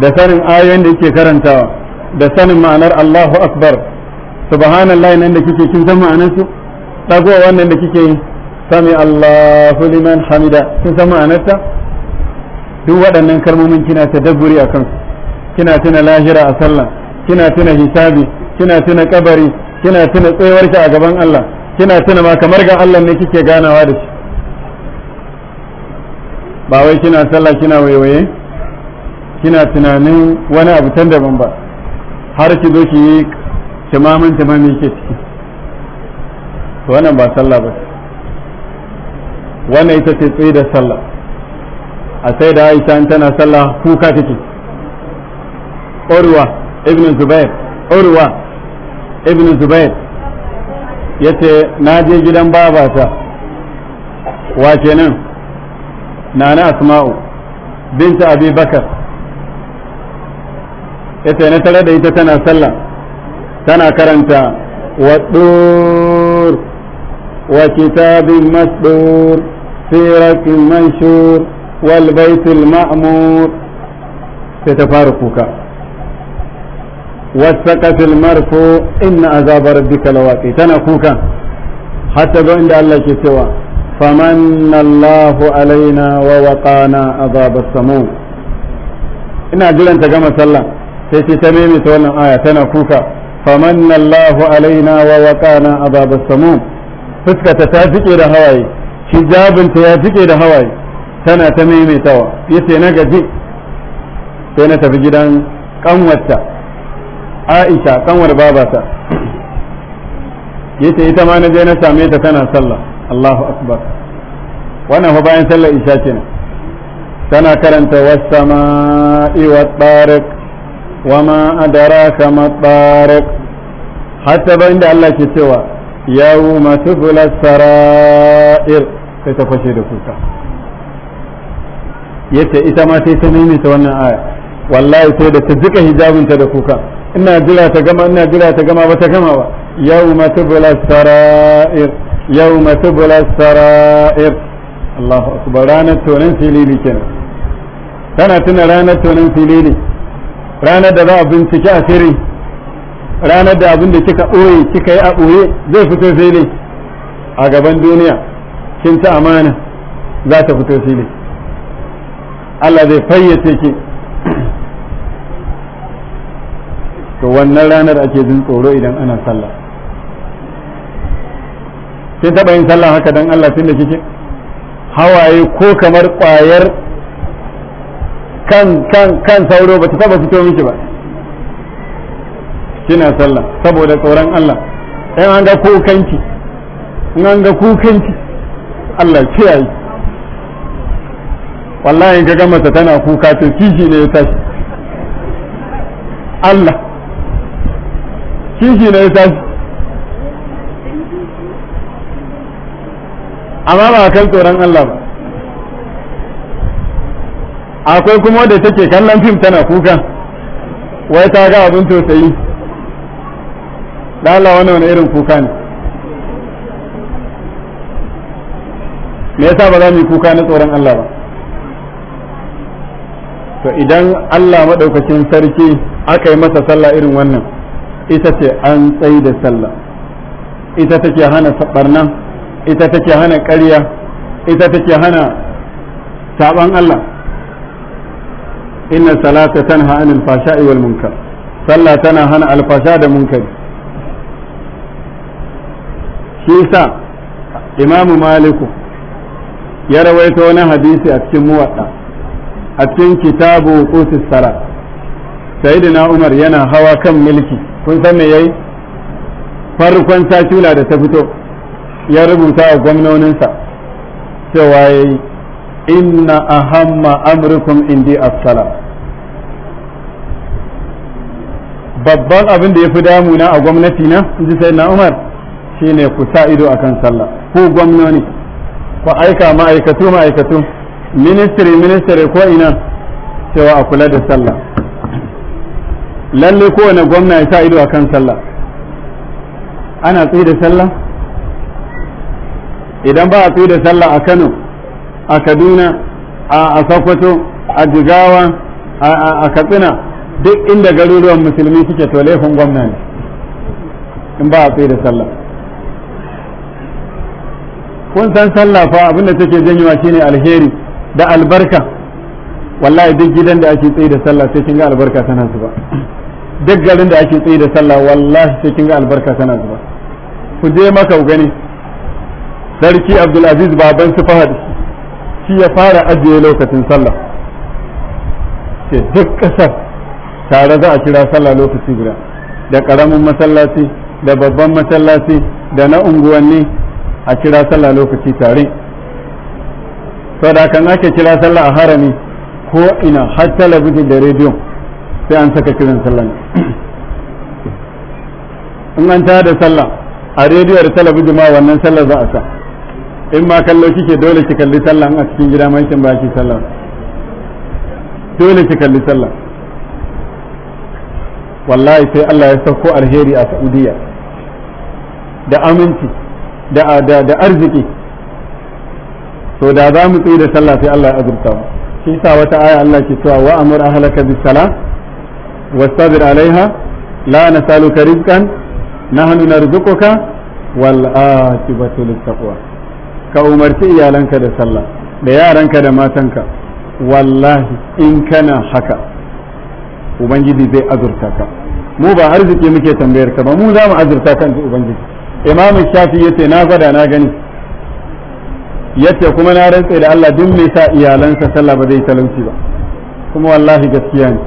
da sanin ayoyin da kike karantawa da sanin ma'anar Allahu akbar subhanallahi nan da kike kin san ma'anar su dagowa wannan da kike sami Allahu liman hamida kin san ma'anar ta duk waɗannan kalmomin kina ta tadabburi akan su kina tuna lahira a sallah kina tuna hisabi kina tuna kabari kina tuna tsayawar shi a gaban Allah kina tuna ma kamar ga Allah ne kike ganawa da shi ba wai kina sallah kina waiwaye kina tunanin wani abu can daban ba har ki zo ki yi tamamin tamamin ke ciki to wannan ba sallah ba wannan ita ce tsaye da sallah a sai da Aisha tana sallah kuka take Urwa ibn Zubair Urwa ibn Zubair yace na je gidan babata wa kenan nana Asma'u binta Abi Bakar yace na tare da ita tana sallah tana karanta wa dur wa kitabin masdur manshur wal baitul ma'mur sai ta fara kuka والسقف المرفوع إن عذاب ربك لواقع ina jiran ta gama sallah sai ce ta maimaita wannan aya tana kuka famanna Allahu alaina wa waqana azabas samum fuskata ta jike da hawaye hijabinta ya jike da hawaye tana ta maimaitawa yace na gaji sai na tafi gidan kanwarta Aisha kanwar babata yace ita ma na je na same ta tana sallah Allahu akbar wannan fa bayan sallar isha kenan tana karanta was sama'i wat tariq وما أدراك ما الطارق حتى بين الله كتوى يوم تبلى السرائر كتفشي دكوكا yace ita ma sai ta nemi ta wannan aya wallahi sai da ta jika hijabin ta da kuka ina jira ta gama ina jira ta gama ba ta gama ba yawma tubla sarair yawma tubla sarair Allahu akbar ranar tonin filili kenan tana tuna ranar tonin filili ranar da za a bincike sirri ranar da abin da kika ɓoye kika yi a ɓoye zai fito fili a gaban duniya kin ta amana za ta fito fili Allah zai fayyace ki to wannan ranar ake jin tsoro idan ana sallah kin taɓa yin sallah haka don Allah tun da kike hawaye ko kamar ƙwayar kan kan kan sauro ba ta taba fito miki ba kina sallah saboda tsoron Allah in an ga kukanki in an ga kukanki Allah kiyaye wallahi ga ta tana kuka to kishi ne ya tashi Allah kishi ne ya tashi amma ba kan tsoron Allah ba akwai kuma wadda take kallon fim tana kuka wai ta ga abin tausayi lala wani wani irin kuka ne me yasa ba za mu yi kuka na tsoron Allah ba to idan Allah maɗaukacin sarki aka yi masa sallah irin wannan ita ce an tsayi da sallah ita take hana barna ita take hana ƙarya ita take hana saban Allah inna salata tanha anil fashai wal munkar sallah tana hana alfasha da munkari shi sa imamu maliku ya rawaito na hadisi a cikin muwadda a cikin kitabu qutus salat sayyidina umar yana hawa kan milki kun san me yayi farkon satula da ta fito ya rubuta a gwamnoninsa cewa yayi inna ahamma amurkum indi as-sala babban abin da ya fi damuna a gwamnati na inji sai na umar shine ku sa ido akan sallah ku gwamnoni ku aika ma'aikatu ma'aikatu ministry ministry ko ina cewa a kula da sallah lalle kowane gwamna ya sa ido akan sallah ana tsaye da sallah idan ba a tsaye da sallah a kano a kaduna a sokoto a jigawa a katsina duk inda garuruwan musulmi suke to laifin gwamna ne in ba a tsaye da sallah kun san sallah fa abinda take janyowa shine alheri da albarka wallahi duk gidan da ake tsaye da sallah sai kin ga albarka tana zuba duk garin da ake tsaye da sallah wallahi sai kin ga albarka tana zuba ku je maka ku gani sarki abdulaziz baban su shi ya fara ajiye lokacin sallah ce duk ƙasar tare za a kira sallah lokaci guda da ƙaramin masallaci da babban masallaci da na unguwanni a kira sallah lokaci tare sau da kan ake kira sallah a harami ko ina har talabijin da rediyo sai an saka kiran sallah in an da sallah a rediyo da talabijin ma wannan sallah za a sa in ma kallo kike dole ki kalli sallah a cikin gida mankin ba ki sallah dole ki kalli sallah wallahi sai Allah ya sauko alheri a Saudiya da aminci da da da arziki to da za mu tsaye da sallah sai Allah ya azurta mu shi sa wata aya Allah ke cewa wa amur ahlaka bis sala wastabir alaiha la nasaluka rizqan nahnu narzuquka wal aqibatu lit taqwa ka umarci iyalanka da sallah da yaranka da matanka wallahi in kana haka ubangiji zai azurta ka mu ba arziki muke tambayar ka ba mu za mu azurta kan ubangiji imam shafi yace na gwada na gani yace kuma na rantse da Allah duk mai sa iyalansa sallah ba zai talauci ba kuma wallahi gaskiya ne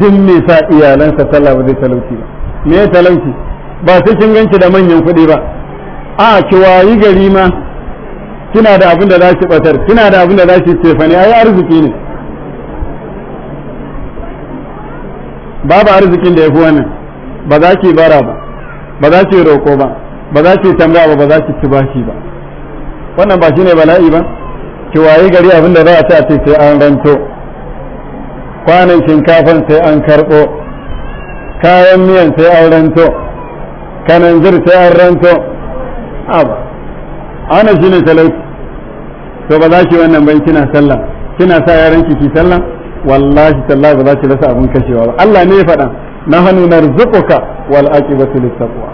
duk mai sa iyalansa sallah ba zai talauci ba me talauci ba sai kin ganci da manyan kuɗi ba a ki wayi gari ma kina da abin da za ki batar kina da abin da za ki ne ai arziki ne babu arzikin da ya fi wannan ba za ki bara ba ba za ki roƙo ba ba za ki tambaya ba ba za ki ci bashi ba wannan ba shine bala'i ba ki wayi gari abin da za a ci a ce sai an ranto kwanan shinkafan sai an karɓo kayan miyan sai an ranto kanan sai an ranto a ba ana shine talauci to ba za ki wannan ban kina sallah kina sa yaran ki ki sallah wallahi tallahi ba za ki rasa abun kashewa ba Allah ne ya faɗa nahnu narzuquka wal aqibatu littaqwa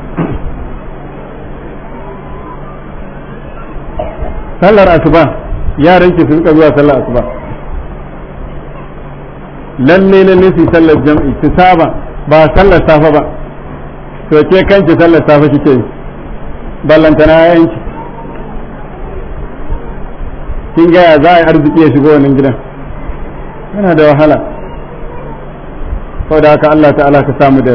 sallar asuba yaran ki sun zuwa sallar asuba lalle lalle su sallar jam'i su saba ba sallar safa ba to ke kanki sallar safa kike yi ballantana yayanki kin gaya za a yi arziki ya shigo wannan gidan yana da wahala saboda haka Allah ta'ala ka samu da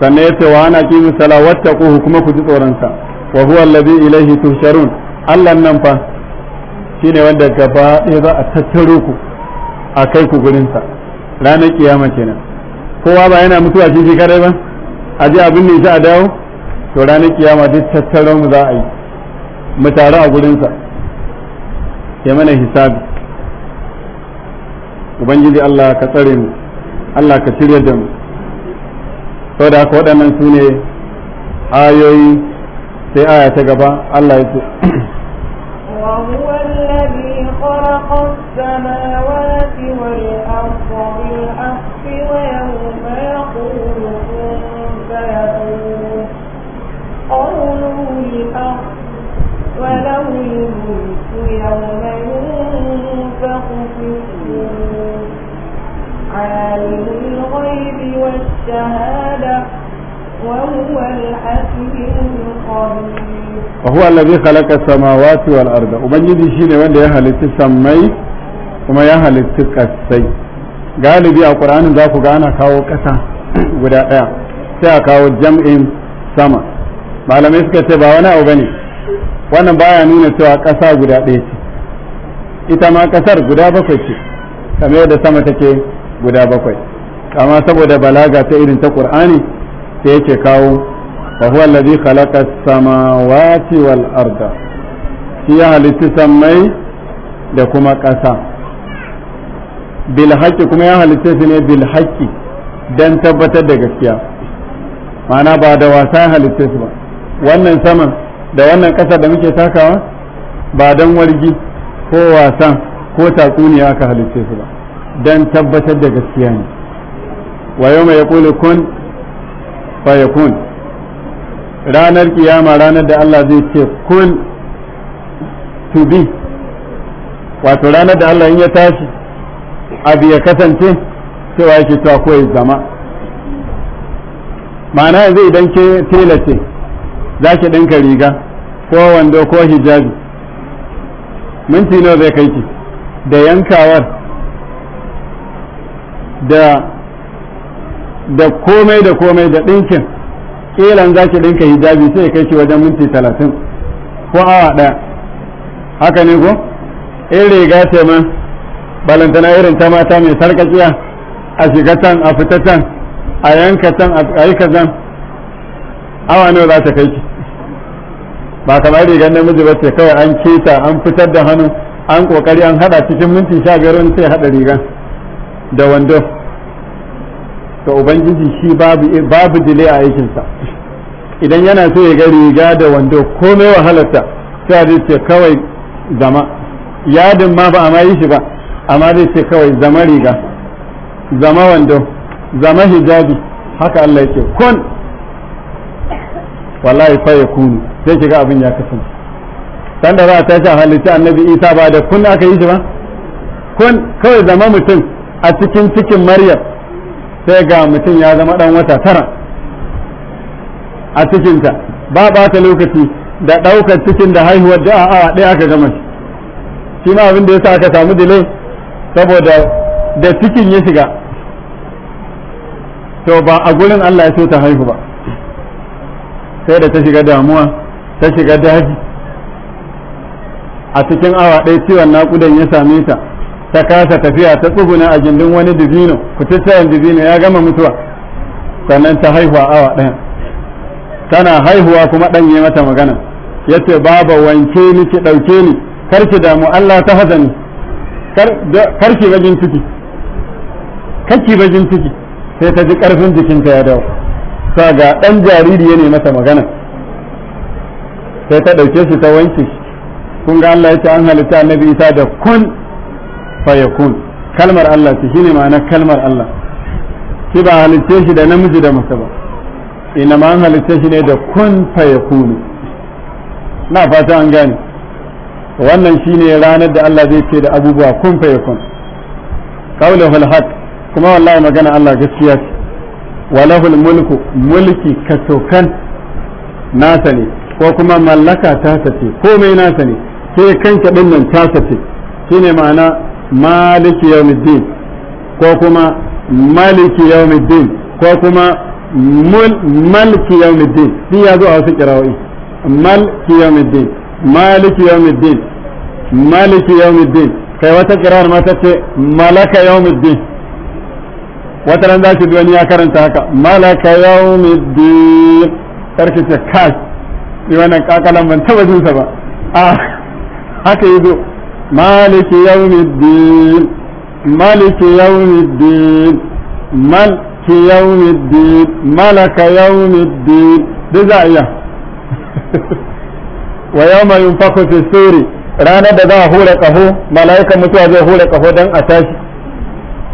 sannan ya ce wa ana kimi sala wattaquhu kuma ku ji tsoron sa wa huwa allazi ilayhi tusharun Allah nan fa shine wanda gaba ɗaya za a tattaro ku a kai ku gurin ranar kiyama kenan kowa ba yana mutuwa shi kadai ba a ji abin ne a dawo to ranar kiyama duk tattaro mu za a yi mu taru a gurin ya mana hisabi ubangiji Allah ka tsare mu Allah ka cire da mu saboda haka waɗannan su ne ayoyi sai aya ta gaba Allah ya ce الشهادة وهو الحكيم الخبير وهو الذي خلق السماوات والأرض وبنجي شيء وين يهلك السماي kuma ya halitta kasai galibi a ƙuranin za ku gana kawo ƙasa guda ɗaya sai a kawo jam'in sama malamai suka ce ba wani abu bane wannan baya nuna cewa ƙasa guda ɗaya ce ita ma ƙasar guda bakwai ce kamar yadda sama take guda bakwai kama saboda balaga ta irin ta qur'ani sai yake kawo fa huwa allazi khalaqa samawati wal arda shi ya halitta samai da kuma ƙasa bil haqqi kuma ya halitta su ne bil haqqi dan tabbatar da gaskiya ma'ana ba da wasa halitta su ba wannan saman da wannan ƙasa da muke takawa ba dan wargi ko wasan ko tatsuniya aka halitta su ba dan tabbatar da gaskiya ne wa يقول كن فيكون kun fa ranar kiyama ranar da Allah zai ce kun to be wato ranar da Allah in ya tashi abu ya kasance cewa yake to akwai zama ma'ana yanzu idan ke tela ce za ki ɗinka riga ko wando ko hijabi minti nawa zai kai ki da yankawar da da komai da komai da ɗinkin ƙilan za ki ɗinka hijabi sai kai shi wajen minti talatin ko awa ɗaya haka ne ko in riga ce ma balantana irin ta mata mai sarƙaƙiya a shiga tan a fita tan a yanka tan a yi kazan awa nawa za ta kai ki ba kamar rigar namiji ba ce kawai an keta an fitar da hannu an kokari an haɗa cikin minti sha biyar wani sai hada riga da wando to ubangiji shi babu babu dile a aikinsa idan yana so ya ga riga da wando komai wahalarta sai zai ce kawai zama yadin ma ba a ma yi shi ba amma zai ce kawai zama riga zama wando zama hijabi haka Allah ya ce kun wallahi fa yakunu sai kiga abin ya kasance da za ta tashi halitta annabi Isa ba da kun aka yi shi ba kun kawai zama mutum a cikin cikin Maryam sai ga mutum ya zama dan wata tara a cikinta ba ta lokaci da ɗaukar cikin da haihuwar da a'a ɗaya aka gama shi ma abin da ya sa aka samu delay saboda da cikin ya shiga to ba a gurin Allah ya so ta haihu ba sai da ta shiga damuwa ta shiga daji a cikin awa ɗaya ciwon naƙudan ya same ta ta kasa tafiya ta tsuguna a gindin wani dibino kututturen dibino ya gama mutuwa sannan ta haihuwa awa ɗaya tana haihuwa kuma ɗan yi mata magana ya ce baba wanke ni ki ɗauke ni kar ki damu Allah ta haza ni kar ki bajin ciki kar ki bajin ciki sai ta ji ƙarfin jikinta ya dawo sa ga ɗan jariri ya ne mata magana sai ta ɗauke shi ta wanke kun ga Allah ya ce an halitta annabi Isa da kun fayakun kalmar Allah ce shine ma'anar kalmar Allah shi ba halitta shi da namiji da mace ba ina ma halitta shi ne da kun fayakun na fata an gane wannan shine ranar da Allah zai ce da abubuwa kun fayakun qawluhul haqq kuma wallahi magana Allah gaskiya ce walahul mulku mulki katokan nasa ne ko kuma mallaka ta ce komai nasa ne sai kanka dinnan ta tasa ce shine ma'ana maliki yawmiddin ko kuma maliki yawmiddin ko kuma maliki yawmiddin din ya zo a wasu kirawoyi maliki yawmiddin maliki yawmiddin maliki yawmiddin kai wata kirar ma tace malaka yawmiddin wata ran zaki ji wani ya karanta haka malaka yawmiddin karki ce kai wannan kakalan ban taba jinsa ba a ah, haka yi zo مالك يوم الدين ملك يوم الدين ملك يوم الدين ملك يوم الدين دزعية ويوم ranar da za a hura kaho mala'ikan mutuwa zai hura kaho dan a tashi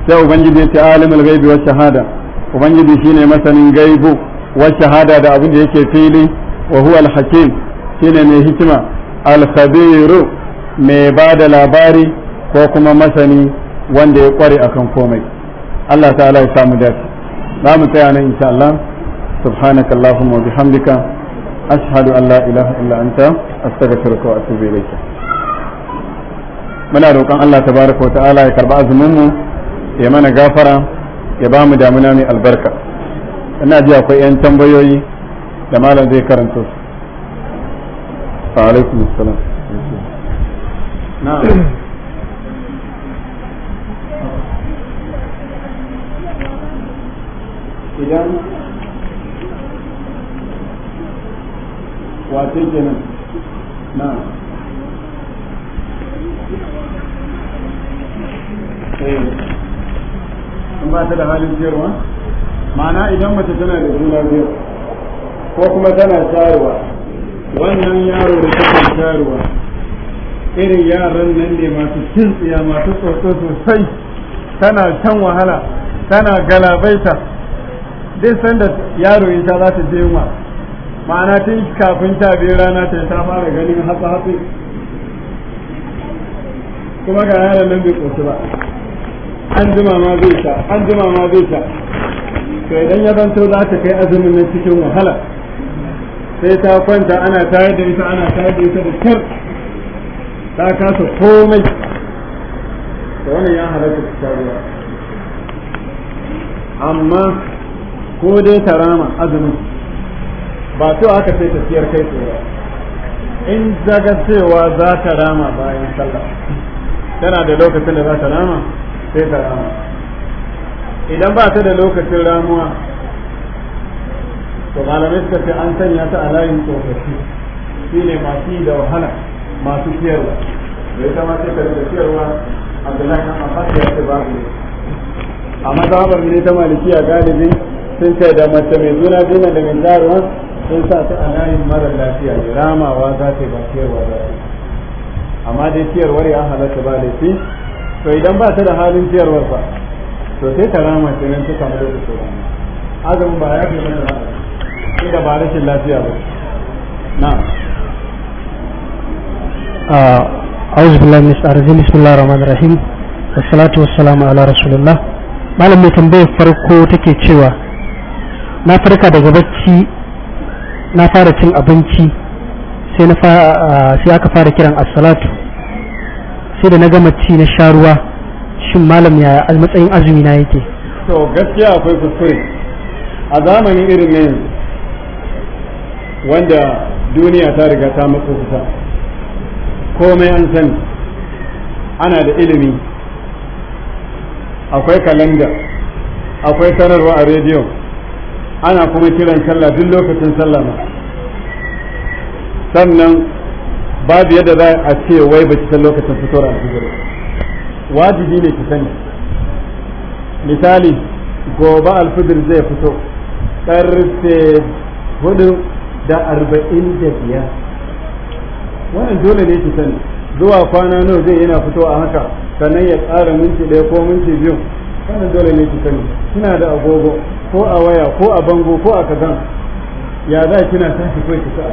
sai ubangiji ya ce alimul gaibi wa shahada ubangiji shine masanin gaibu wa shahada da abin da yake fili wa huwa al-hakim shine mai hikima al mai ba da labari ko kuma masani wanda ya kware akan komai Allah ta'ala ya samu dace za mu tsaya nan insha Allah سبحانك اللهم وبحمدك أشهد أن لا إله إلا أنت أستغفرك وأتوب إليك muna roƙon Allah tabaraka wata'ala ya karba azuminmu ya mana gafara ya ba mu damuna mai albarka ina ji akwai 'yan tambayoyi da malam zai karanta su alaikum salam idan wace kenan na eh. in ba ta da halin ciyarwa ma'ana idan mace tana da juna biyu ko kuma tana shayarwa wannan yaro da take shayarwa irin yaran nan ne masu cin tsiya masu tsotso sosai tana shan wahala tana galabaita duk sanda yaro in sha za ta je yunwa ma'ana tun kafin ta biyu rana ta ta fara ganin hatsa hatsi kuma ga yaran nan bai ƙosu ba an jima ma zai sha an jima ma zai sha to idan ya zanto za ta kai azumin nan cikin wahala sai ta kwanta ana tayar da ita ana tayar da ita da kyar ta kasa komai da wannan ya halatta ta ruwa amma ko dai ta rama azumin ba to aka sai tafiyar kai tsoro in zaga cewa za ta rama bayan sallah tana da lokacin da za ta rama sai ta rama idan ba ta da lokacin ramuwa to malamai suka ce an sanya ta a layin tsofaffi shine masu da wahala masu ciyarwa da ita ma sai ka da ciyarwa abdullahi na amma ya ce ba ne a mazhabar ne ta malikiya galibi sun ce da mace mai juna juna da mai jaruwa sun sa ta a layin mara lafiya ne ramawa za ta yi ba ciyarwa za ta amma dai ciyarwar ya halatta ba laifi to idan ba ta da halin ciyarwar ba to sai ta rama ce nan ta samu lokacin rama azumin ba ya fi mana rama inda ba rashin lafiya ba na'am أعوذ uh, billahi من الرجيم بسم الله الرحمن الرحيم والصلاة والسلام على رسول malam mai tambayar farko take cewa na farka daga bacci na fara cin abinci sai na uh, sai aka fara kiran assalatu sai da na gama ci na sha ruwa shin malam ya matsayin azumi na yake to gaskiya akwai kuskure a zamanin irin ne wanda duniya ta riga ta matsu kusa komai an sani ana da ilimi akwai kalanda akwai sanarwa a rediyo ana kuma kiran sallah duk lokacin sallah ma sannan babu yadda za a ce wai ba san lokacin fitowar alfijir wajibi ne ki sani misali gobe alfijir zai fito karfe hudu da arba'in da biyar wannan dole ne ki sani zuwa kwana nawa zai yana fitowa a haka sannan ya tsara minti ɗaya ko minti biyu wannan dole ne ki sani kina da agogo ko a waya ko a bango ko a kazan ya za kina tashi ko ki sa'a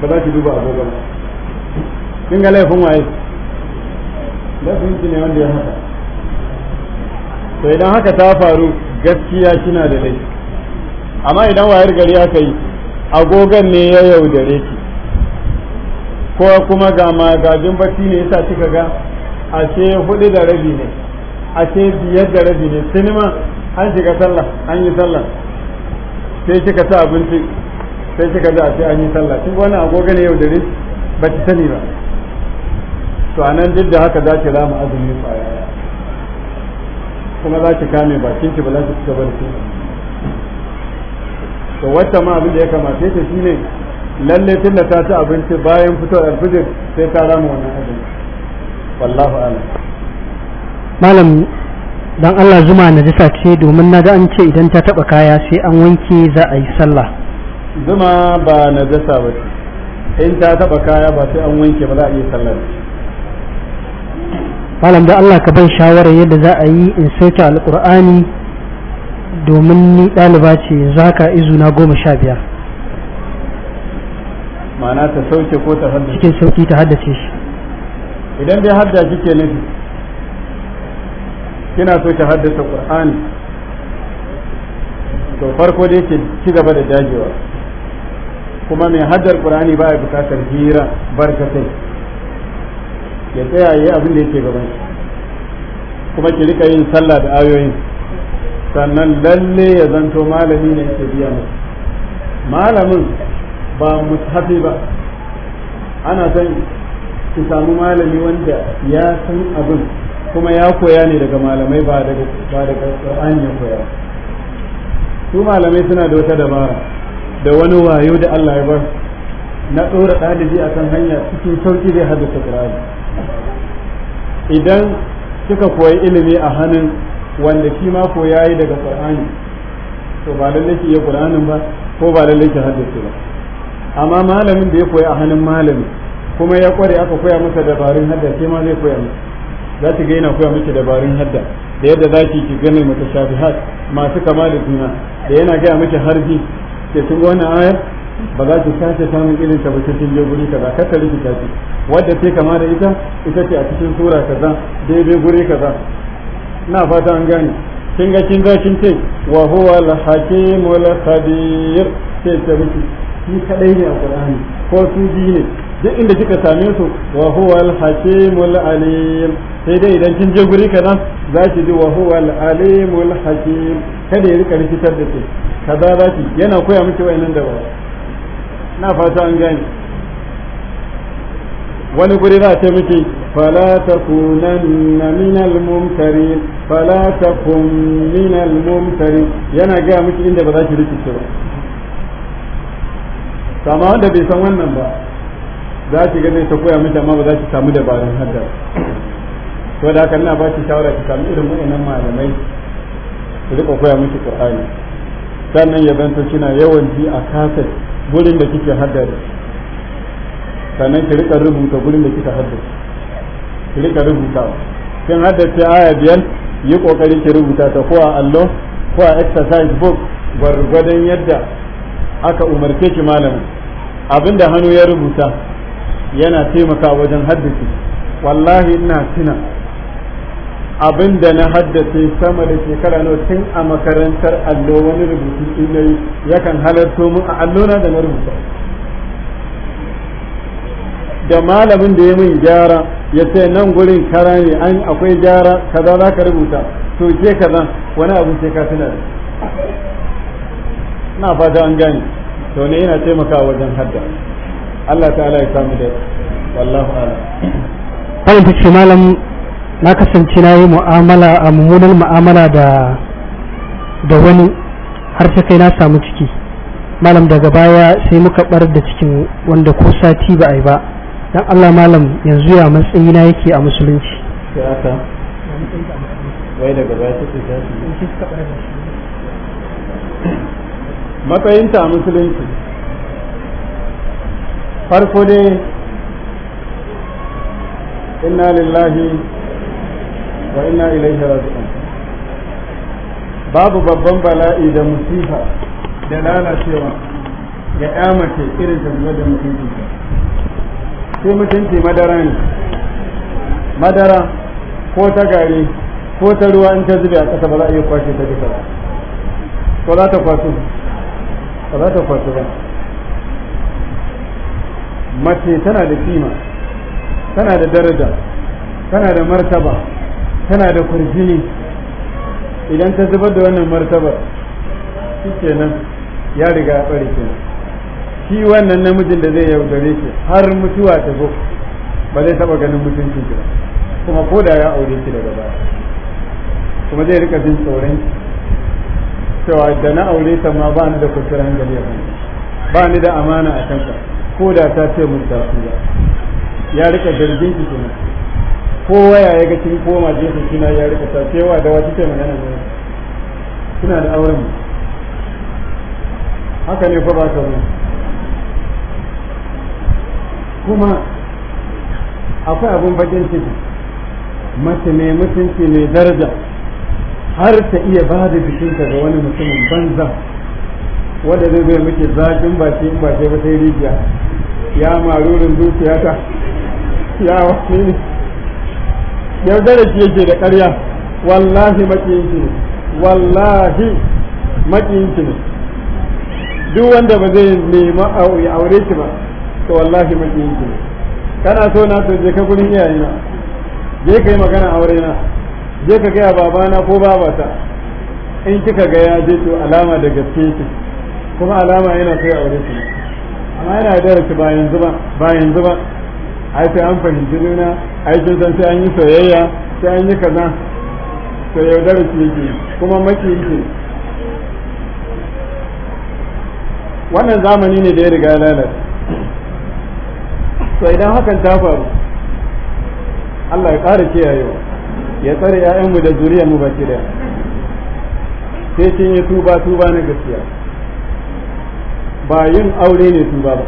ba za ki duba agogo ba kin ga laifin waye laifin ki ne wanda ya haka to idan haka ta faru gaskiya kina da laifi amma idan wayar gari aka yi agogon ne ya yaudare ki ko kuma ga magajin bacci ne yasa kika ga ashe hudu da rabi ne ashe biyar da rabi ne sinima an shiga sallah an yi sallah sai kika ta abinci sai kika ji ce an yi sallah kin wani agogo ne yau dare ba ki sani ba to anan duk da haka za ki rama azumi kwaya kuma za ki kame bakin ki ba za ki ci gaba da to wata ma abin da ya kamata ta shine lalle tunda ta ci abinci bayan fito da alfijir sai ta rama wannan abinci. wallahu a'lam malam dan Allah zuma na jisa ce domin na ga an ce idan ta taba kaya sai an wanke za a yi sallah zuma ba na jisa ba ce in ta taba kaya ba sai an wanke ba za a yi sallah malam da Allah ka ban shawara yadda za a yi in saita alqur'ani domin ni ɗaliba ce zaka izuna goma sha biyar ma'ana ta sauke ko ta haddace cikin sauki ta haddace shi idan dai hadda kike nufi kina so ki haddace qur'ani to farko dai ki ci gaba da dagewa kuma mai haddar qur'ani ba ya bukatar hira barkatai ya tsaya yi abin da yake gaban shi kuma ki rika yin sallah da ayoyin sannan lalle ya zanto malami ne yake biya mu malamin ba mushafi ba ana son ki samu malami wanda ya san abin kuma ya koya ne daga malamai ba daga ba daga Qur'ani ya koya su malamai suna da wata dabara da wani wayo da Allah ya bar na ɗora ɗalibi kan hanya cikin sauki zai haddace Qur'ani idan kika koyi ilimi a hannun wanda shi ma koyayi daga Qur'ani to ba lallai ki iya Qur'anin ba ko ba lallai ki haddace ba amma malamin da ya koya a hannun malami kuma ya kware aka koya masa dabarun hadda sai ma zai koya masa za ki ga koya miki dabarun hadda da yadda za ki gane shafihat masu kama da juna da yana gaya miki harbi ke sun ga wannan ayar ba za ki sace samun irin ta ba guri kaza kar ka rubuta wadda ce kama da ita ita ce a cikin sura kaza daidai guri kaza na fata an gane kin ga kin ga kin ce wa huwa al-hakimul ta miki su kadai ne a qur'ani ko su biyu ne duk inda kika same su wa huwa al-hakimul alim sai dai idan kin je guri kaza za ki ji wa huwa al-alimul hakim kada ya rika rikitar da ke kaza za ki yana koya miki wayannan da ba na fata an gani wani guri za ta miki فلا تكونن من الممترين فلا تكن من الممترين yana gaya miki inda ba za ki rikice ba kama wanda bai san wannan ba za ki gane ta koya miki amma ba za ki samu dabarun hadda to da haka ina ba ki shawara ki samu irin wannan malamai ki riƙa koya miki qur'ani sannan ya zanto kina yawan ji a kaset gurin da kike hadda sannan ki riƙa rubuta gurin da kika hadda ki riƙa rubuta kin haddace aya biyar yi kokari ki rubuta ta ko a allo ko a exercise book gwargwadon yadda aka umarce ki malamin abinda hannu ya rubuta yana taimaka wajen haddace wallahi ina tuna abinda na haddace sama da shekara nawa tun a makarantar allo wani rubutu in yayi yakan halarto mu a allona da na rubuta da malamin da ya min gyara ya ce nan gurin kara ne an akwai gyara kaza za ka rubuta to ke kaza wani abu sai ka tuna da na fata an gane to ne yana taimakawa wajen hadda Allah ta'ala ya samu da wallahu ala. kawai ta ce malam na kasance na yi mu'amala a mummunan mu'amala da da wani har ta kai na samu ciki malam daga baya sai muka bar da cikin wanda ko sati ba a yi ba dan Allah malam yanzu ya matsayi na yake a musulunci wai daga baya sai ta matsayinta a musulunci farko dai inna lillahi wa inna ilaihi raji'un babu babban bala'i da musifa da lalacewa ya mace irin ta da mutunci sai mutunci madara ne madara ko ta gari ko ta ruwa in ta zube a ƙasa ba za a iya kwashe ta duka ba ko za ta kwashe ba za ta kwasu ba mace tana da kima tana da daraja tana da martaba tana da kurjini idan ta zubar da wannan martaba shi kenan ya riga ya ɓare kenan shi wannan namijin da zai yaudare shi har mutuwa ta zo ba zai taɓa ganin mutuncin ki ba kuma ko da ya aure ki daga baya kuma zai rika jin tsoron cewa da na aure ta ma ba ni da kwanciyar hankali a ba ni da amana a kanka ko da ta ce mun da su ya rika zargin ki kuma ko waya ya ga kin koma je ku kina ya rika ta wa da wata ce magana ne kina da auren haka ne fa ba ka kuma akwai abun bakin ciki mace mai mutunci mai daraja har ta iya ba da jikinta ga wani mutumin banza wanda zai zai muke zafin baki in baki ba sai rijiya ya marurin ta ya wasu ne yaudara shi yake da ƙarya wallahi makiyinki ne wallahi makiyinki ne duk wanda ba zai nema ya aure ki ba to wallahi makiyinki ne kana so na so je ka gurin iyayena je ka yi magana aure na je ka gaya babana ko babata in kika ga ya je to alama da gaske ce kuma alama yana so ya wurin ki amma yana da rashi ba yanzu ba ba yanzu ba ai sai an fahimci juna ai kin san sai an yi soyayya sai an yi kaza to yaudara ki yake kuma maki yake wannan zamani ne da ya riga lalata to idan hakan ta faru Allah ya ƙara kiyayewa ya tsare ‘ya'yanmu da zuriyar mu baki daya sai kin yi tuba tuba na gaskiya ba yin aure ne tuba ba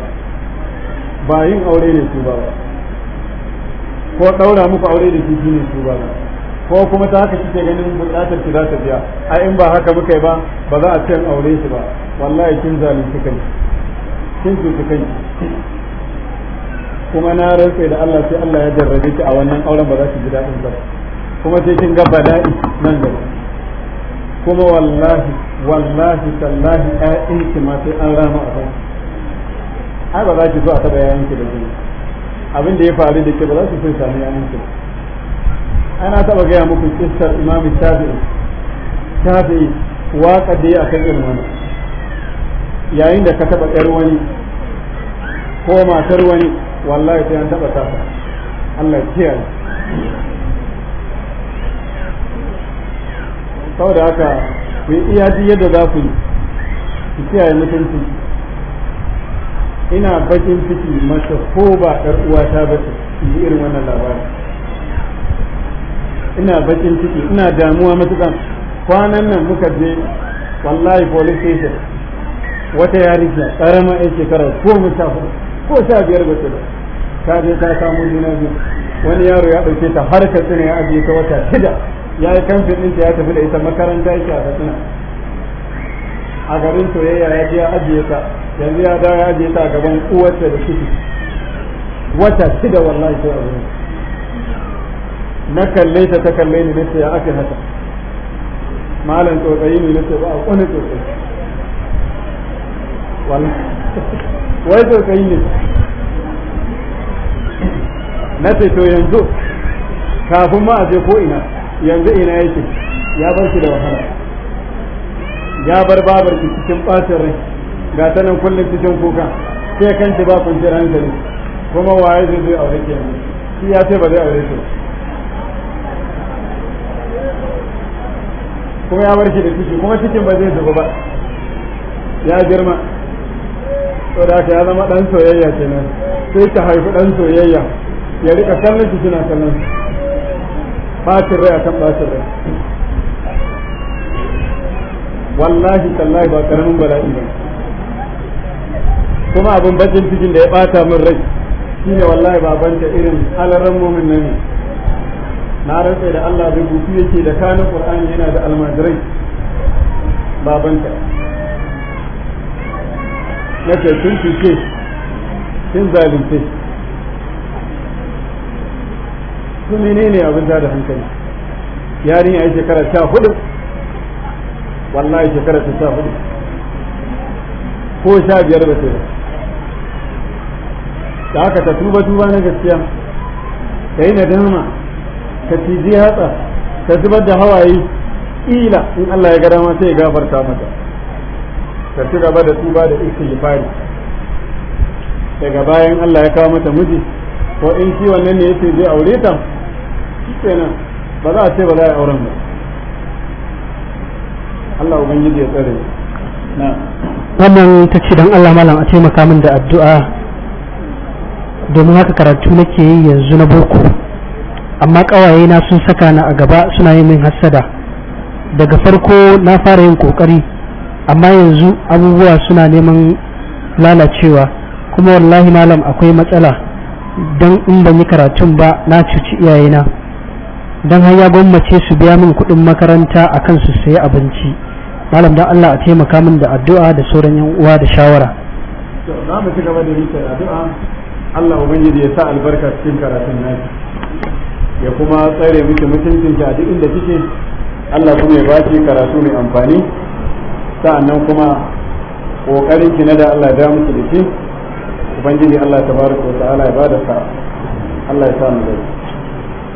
ba yin aure ne tuba ba ko ɗaura muku aure da shi ne tuba ba ko kuma ta haka ke ganin bukatar ki za ta biya a in ba haka muka yi ba ba za a cin aure shi ba wallahi kin zalunci kai kin cuci kai kuma na rantsa da Allah sai Allah ya jarrabe ki a wannan auren ba za ki ji daɗin ba kuma sai kin ga bala'i nan gaba kuma wallahi wallahi tallahi ƴaƴan ki ma sai an rama a kan ai ba za ki zo a taɓa yayan ki da ke abin da ya faru da ke ba za su so sami yayan ki ana taɓa gaya muku kissar imam shafi'i shafi'i waƙa da ya akan irin wani yayin da ka taɓa ƴar wani ko matar wani wallahi sai an taɓa tasa. Allah ya kiyaye saboda haka ku yi iya ji yadda za ku yi ku kiyaye mutunci ina bakin ciki masa ko ba ɗar uwata ba ce yi irin wannan labari ina bakin ciki ina damuwa matuƙa kwanan nan muka je wallahi police station wata yarinya ƙarama yan shekara ko mu sha ko sha biyar ba ce ta je ta samu juna biyu wani yaro ya ɗauke ta har ka tsina ya ajiye ta wata shida ya yi kamfin ɗinta ya tafi da ita makaranta yake a katsina a garin soyayya ya je ya ajiye ta yanzu ya dawo ya ajiye ta a gaban uwarta da ciki wata shida wallahi ko a gurin na kalle ta ta kalle ni nace ya ake haka malam tsotsayi ne nace ba a kone tsotsayi wallahi wai tsotsayi ne nace to yanzu kafin ma a je ko ina yanzu ina yake ya bar shi da wahala ya bar babar ki cikin bacin rai ga ta nan kullum cikin kuka sai kanki ba kwanciyar hankali kuma waye zai zai aure ki yanzu shi ya ce ba zai aure ki kuma ya bar shi da ciki kuma cikin ba zai zuba ba ya girma to da ya zama dan soyayya kenan sai ta haifi dan soyayya ya rika kallon ki kina kallon bacin rai akan bacin rai wallahi tallahi ba karamin bala'i ba kuma abin bakin cikin da ya bata min rai shine wallahi banta irin alaran mumin nan ne na rantsa da Allah rubutu yake da kanin Qur'ani yana da almajirai ba babanta nake sun fice tun zalunce su menene abin da da hankali yarinya yi shekara sha hudu wallahi shekara ta sha hudu ko sha biyar ba ce da haka ta tuba tuba na gaskiya ka yi nadama ka cije hatsa ka zubar da hawaye ila in Allah ya gada ma sai ya gafarta mata ka ci gaba da tuba da istighfari daga bayan Allah ya kawo mata miji ko in shi wannan ne yace zai aure ta kenan ba za a ce ba za a yi auren ba Allah ubangiji ya tsare na wannan ta ce don Allah malam a taimaka min da addu'a domin haka karatu nake yi yanzu na boko amma kawaye na sun saka na a gaba suna yi min hassada daga farko na fara yin kokari amma yanzu abubuwa suna neman lalacewa kuma wallahi malam akwai matsala don in ban yi karatun ba na cuci iyayena don har ya gwammace su biya min kuɗin makaranta a kan su sayi abinci malam don Allah a taimaka min da addu'a da sauran yan uwa da shawara za mu ci gaba da rike addu'a Allah ubangiji ya sa albarka cikin karatun naki ya kuma tsare miki mutuncin ki a duk inda kike Allah kuma ya baki karatu mai amfani sa'annan kuma kokarin ki na da Allah ya miki da shi ubangiji Allah tabaraka wa ta'ala ya bada sa Allah ya sa mu dace